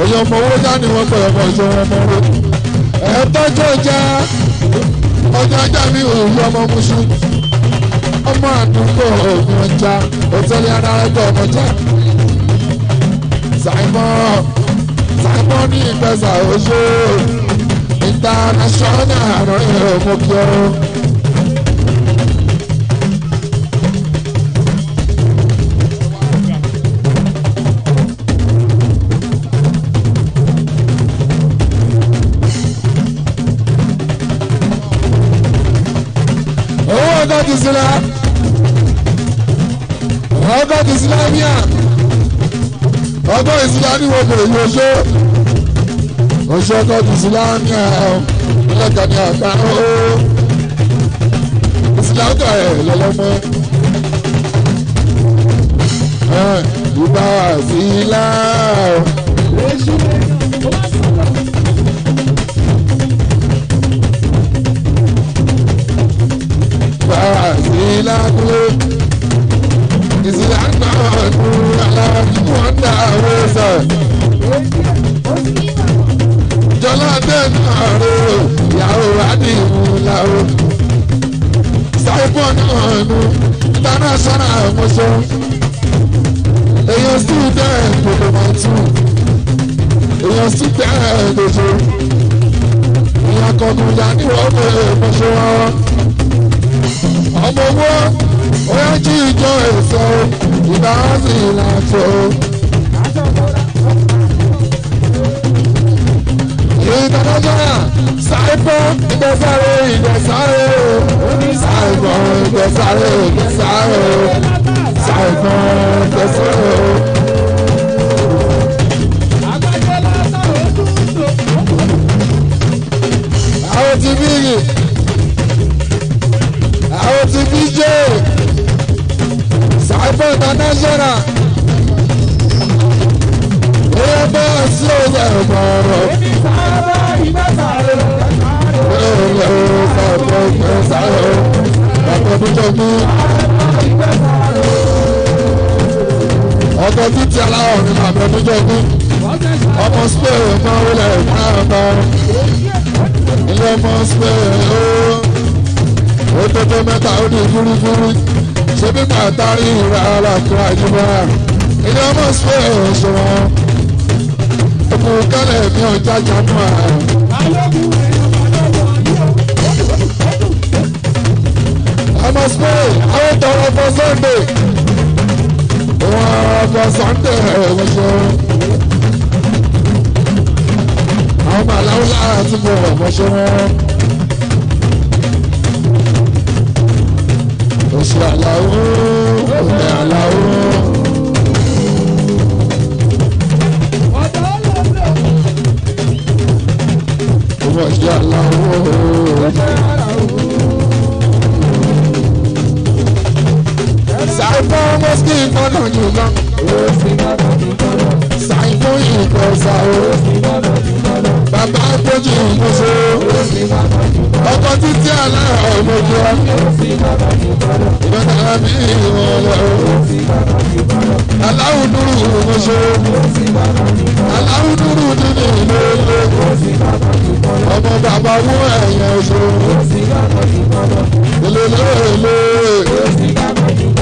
èyí ọmọ owó dání wọn pẹ̀lú ọmọ ìṣe wọn ọmọ owó ẹ tọ́jú ọjà ọjà ajá mi ò rí ọmọ musu ọmọ àdúgbò ògùn ọjà òtẹ́lì adarẹ́gbẹ́ ọmọ ọjà Simon Simon ní ìgbésà oṣù international ọ̀rẹ́ ọmọ kí ọ. owó ọgọ́dì sílá ọgọ́dì sílá ní à ọgọ́ ìsìlá ní wọ́n yóò ṣe ọ̀ṣẹ́ kọ́ ti sílámì ẹ̀ ọ̀lẹ́kà ni àgbára ó ìsìlámì ẹ̀ lọ́lọ́mọ́ ìbá àfihàn ìbá àfihàn kúrò ọlọ́dẹ náà rò ìyàwó adìmú làwọ̀. Saipon náà nu international mọ́sọ́. Èèyàn sì bẹ́ẹ̀ gbogbo máa tún. Èèyàn sì bẹ́ẹ̀ lóṣù. Ìyá kọ̀ọ̀kan ìyá ní wọ́n fẹ́ mọ́ṣọ́ Ọmọ owó ó yá jí ìjọ èso ìbáraṣì ìlànà tó. ìtọ́jọ́yà sáìpọ̀ ìgbẹ́sàrè ìgbẹ́sàrè sáìpọ̀ ìgbẹ́sàrè ìgbẹ́sàrè sáìpọ̀ ìgbẹ́sàrè. àwọn ti bí yìí àwọn ti bí jẹ́ sáìpọ̀ international ó yẹ bá a sí ọjà ẹ̀gbọ́n rẹ̀ ọkọ̀ tó ti aláwọ̀ ni màmá ẹni jọ́gún ọmọ spain ọmọ orílẹ̀ ìgbàlódé ilé ọmọ spain ooo ó tótó mẹ́ta ó di gúrúgúrú ṣé bí màtá rí ìrà alákùnrin ilé ọmọ spain ṣùgbọ́n òkú kálẹ̀ mi ò jájà mọ́ ààrùn. ọmọ Spain àwọn tọrọ fọ Sunday wọn fọ Sunday ẹ̀wọ̀n ṣe. àwọn màláwùlá àti mo wọ̀ mọ́ ṣe wọ́n. oṣù àlàó òde àlàó. ọjọ́ àlàó. ṣàìfọ́ mọ́síkì kọ́nà jùlọ. ṣàìfọ́ ìkọ̀ọ̀sà o. bàbá àpèjì ìmọ̀ṣẹ́ o. ọkọ̀ títí aláàrọ̀ ìmọ̀jọ. ìbátan mi ìrọ̀lẹ́ o. aláwọ̀ dúró ìmọ̀ṣẹ́ o. aláwọ̀ dúró dídì ìlẹ́lẹ́. ọmọ bàbá wọ ẹ̀yẹ oṣù. ìlẹ́lẹ́ ìlẹ́.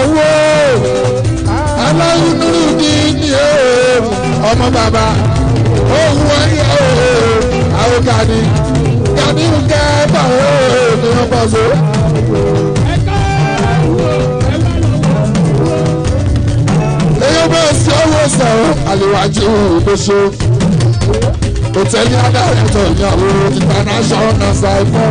ìyàwó aláyún nínú ní ní ọmọ bàbá òun wáyà àwọn gani gani ń kẹ́ bàwọ́ ní ọgbà so. èyí bẹ́ẹ̀ sí ọwọ́ sọ̀rọ̀ àlèwájú ìgbésó hòtẹ́ẹ̀lì adáyẹ̀tọ̀ ìyàwó international náà ṣàìfọ́.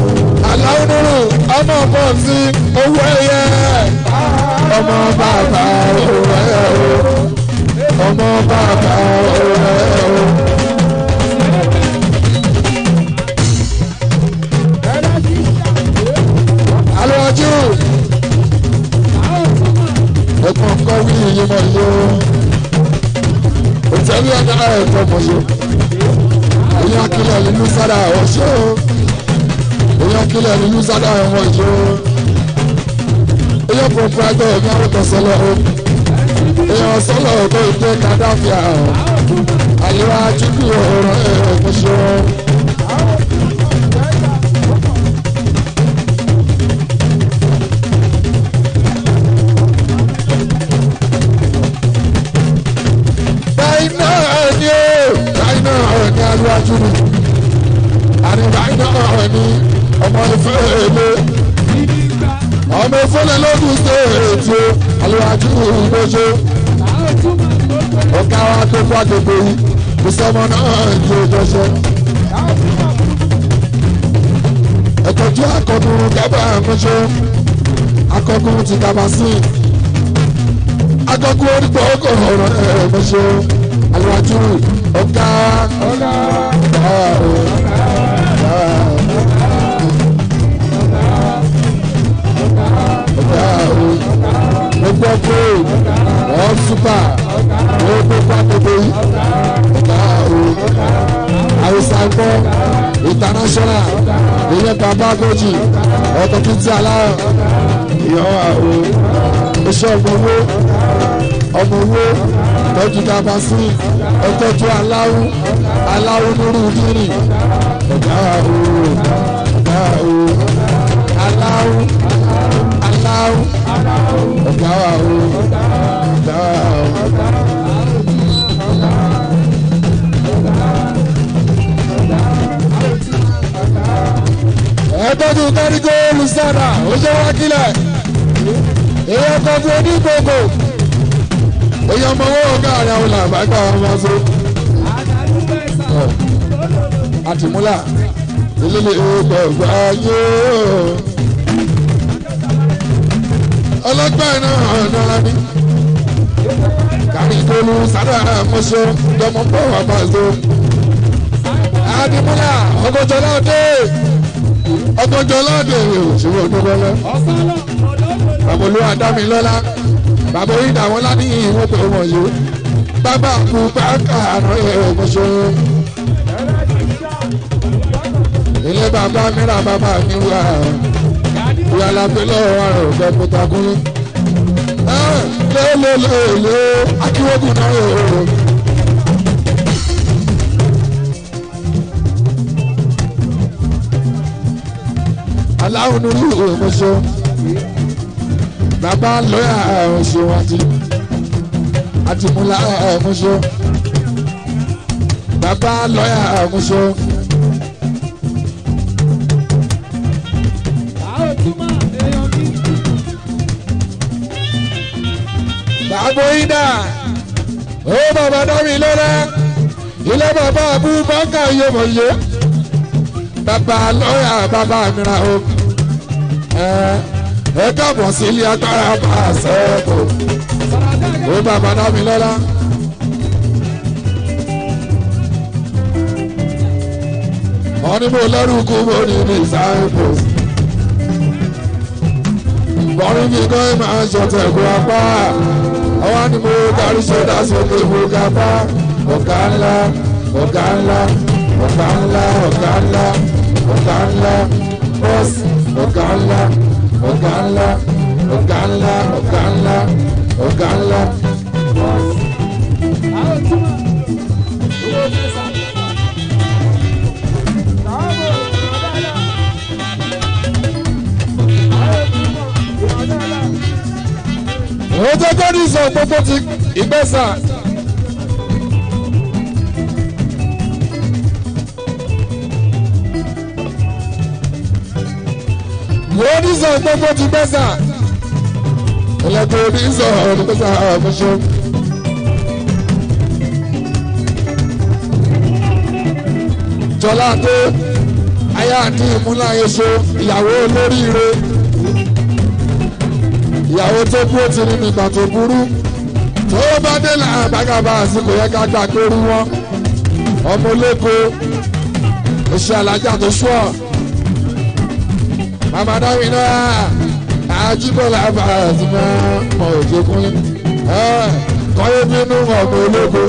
aláwòrán ọmọ bọ̀ sí owó ẹyẹ ọmọ bàbá owó ẹyẹ ọmọ bàbá owó ẹyẹ. alọ́jú ẹ̀kọ́ kọ́ wí iye mọ̀ yó òtẹ́lẹ̀ ọ̀dọ́ ẹ̀kọ́ mọ̀ yó ìyá kílọ̀ nínú sára ọ̀ṣọ́ èèyàn kílẹ̀ ní lùsàdà ẹ̀wọ̀n ìjọ èèyàn pòpáìtọ̀ èèyàn àwòtọ̀ sọlọ èèyàn sọlọ tó ìdè kàdáfíà àlewà jíjù ọ̀rọ̀ ẹ̀rọ ìfọṣọ. Báyìí náà ni ọmọ ìfẹ́ èlé ọmọ ìfẹ́lẹ̀ lọ́dún stéètì o alájú ìgbésẹ̀ ọ̀gá wa tó kó àgbègbè yìí kò sọmọ náà ju ìjọsẹ. ẹ̀tọ́jú akọkùnrin gábà àmọ́ṣe akọkùnrin ti dàbà sí i akọkùnrin onígbà ọkọ̀ ọ̀rọ̀ ẹ̀mọ́ṣe alájú ọ̀gá ọ̀gá ọ̀gá. ọ gold ọ super ọ gbogbo agbègbè yìí ọ̀gá o àwùsá gbọ́ international ìyẹn tabagoji ọkọ̀ tó ti aláwọ̀ ìyẹn wà o iṣẹ́ ọmọ owó ọmọ owó tọ́jú dábàá sí ọtọ́jú aláwọ̀ aláwọ̀ lórí ìdírí ọ̀gá o ọ̀gá o aláwọ̀ o ọ̀gá wa o ọ̀gá wa o. ẹ tọ́jú kárígó olùsára ó ṣe wá kílẹ̀ èèyàn kan fún onígbòkò èèyàn mọ owó ọ̀gá rẹ̀ àwọn làbàgbà wọn so. àtìmúlà ilé ìgbàgbà yóò ọlọ́gbà náà nara ni. kàríkólú sára mọ́ṣọ́ dọ́mọ́pọ̀ àbáṣọ. adimọ́lá ọgọ́jọ́lá ọdẹ ọgọ́jọ́lá ọdẹ òṣèré ọdúnbọ́lá. babolú adámilọ́lá bàbá orí ìdáwọ́ láti ìwọ́n pé wọ́n yó. bàbá kú bá kàánú ẹ̀ mọ́ṣọ́. ilé bàbá mìíràn bàbá mi wà ìyá làbẹ́ lọ́wọ́ àrùn ọ̀gbẹ́ mẹ́ta gúnlẹ̀. lélelele akíwébù náà yòó. aláwọ̀ nínú ìwé mọ́ṣọ́ bàbá lọ́yà ọ̀ṣọ́ àti àtìmúlá ọ̀ṣọ́ bàbá lọ́yà ọ̀ṣọ́. bàbá ida ó bàbá dámi lọ́la ilé bàbá abúbákà yọmọye bàbá lọ́yà bàbá mìíràn o ẹ káàbọ̀ sí ilé agbára máa sẹ́ẹ̀kù ó bàbá dámi lọ́la. wọ́n ní mo lẹ́rùkú mo ní disciples. bọ́rí mi kọ́ ẹ máa ń apá àwọn ni mo kárí ṣọ́dá sókè mo ga bá ọ̀gá ńlá ọ̀gá ńlá ọ̀gá ńlá ọ̀gá ńlá ọ̀gá ńlá bọ́ọ̀sì ọ̀gá ńlá ọ̀gá ńlá ọ̀gá ńlá ọ̀gá ńlá ọ̀gá ńlá. Mo jẹ́ Gọ́dísàn gbogbo ti Ìgbẹ́sà. Gọ́dísàn gbogbo ti Ìgbẹ́sà. Ẹlẹ́gbẹ́ Gọ́dísàn Ìgbẹ́sà àfẹ́ṣọ́. Jọlá tó ayé àti ìmúláyé so ìyàwó olóríire ìyàwó tó kú ó ti rí nìkan tó burú tó bá dé làwọn àgbàgàbà àsìkò yẹ ká gbà pé rú wọn ọmọ olóko oṣù alájà tó ṣọ màmá dáwìn náà àjíbọ̀lá àbàtì mọ́ ọmọ òjòkúnlé kọ́yé bínú ọmọ olóko.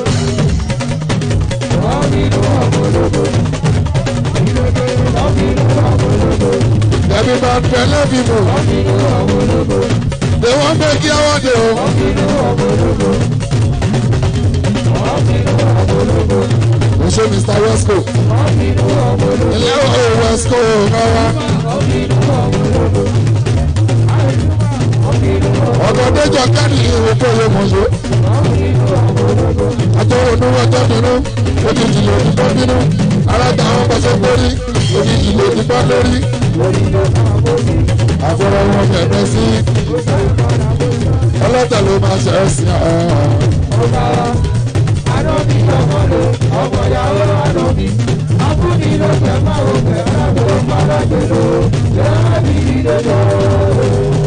Everybody, I love you more dé wọ́n fẹ́ kí wọ́n dé o. mo ṣe Mr. Wesco ilé o Wesco rárá. ọ̀dọ̀ déjọ kánì ìwé tó lè mọ̀ ṣe. àtọwọ́ ní wọ́n tọ́ bínú òjijì lè ní tọ́ bínú alága àwọn bọ́sẹ̀ gbórí òjijì lè ní bá lórí. àfọwọ́ wọn fẹ̀mẹ́ sí ọlọ́tọ̀ ló máa ṣe é sí ọ́. Ah. ọba anọ́bí ọmọ ló ọmọ ìyàwó anọ́bí abúlé ló fẹ́ máa ń fẹ́ alábòó máa lájọ ló lẹ́ẹ̀mí lọ́jọ́.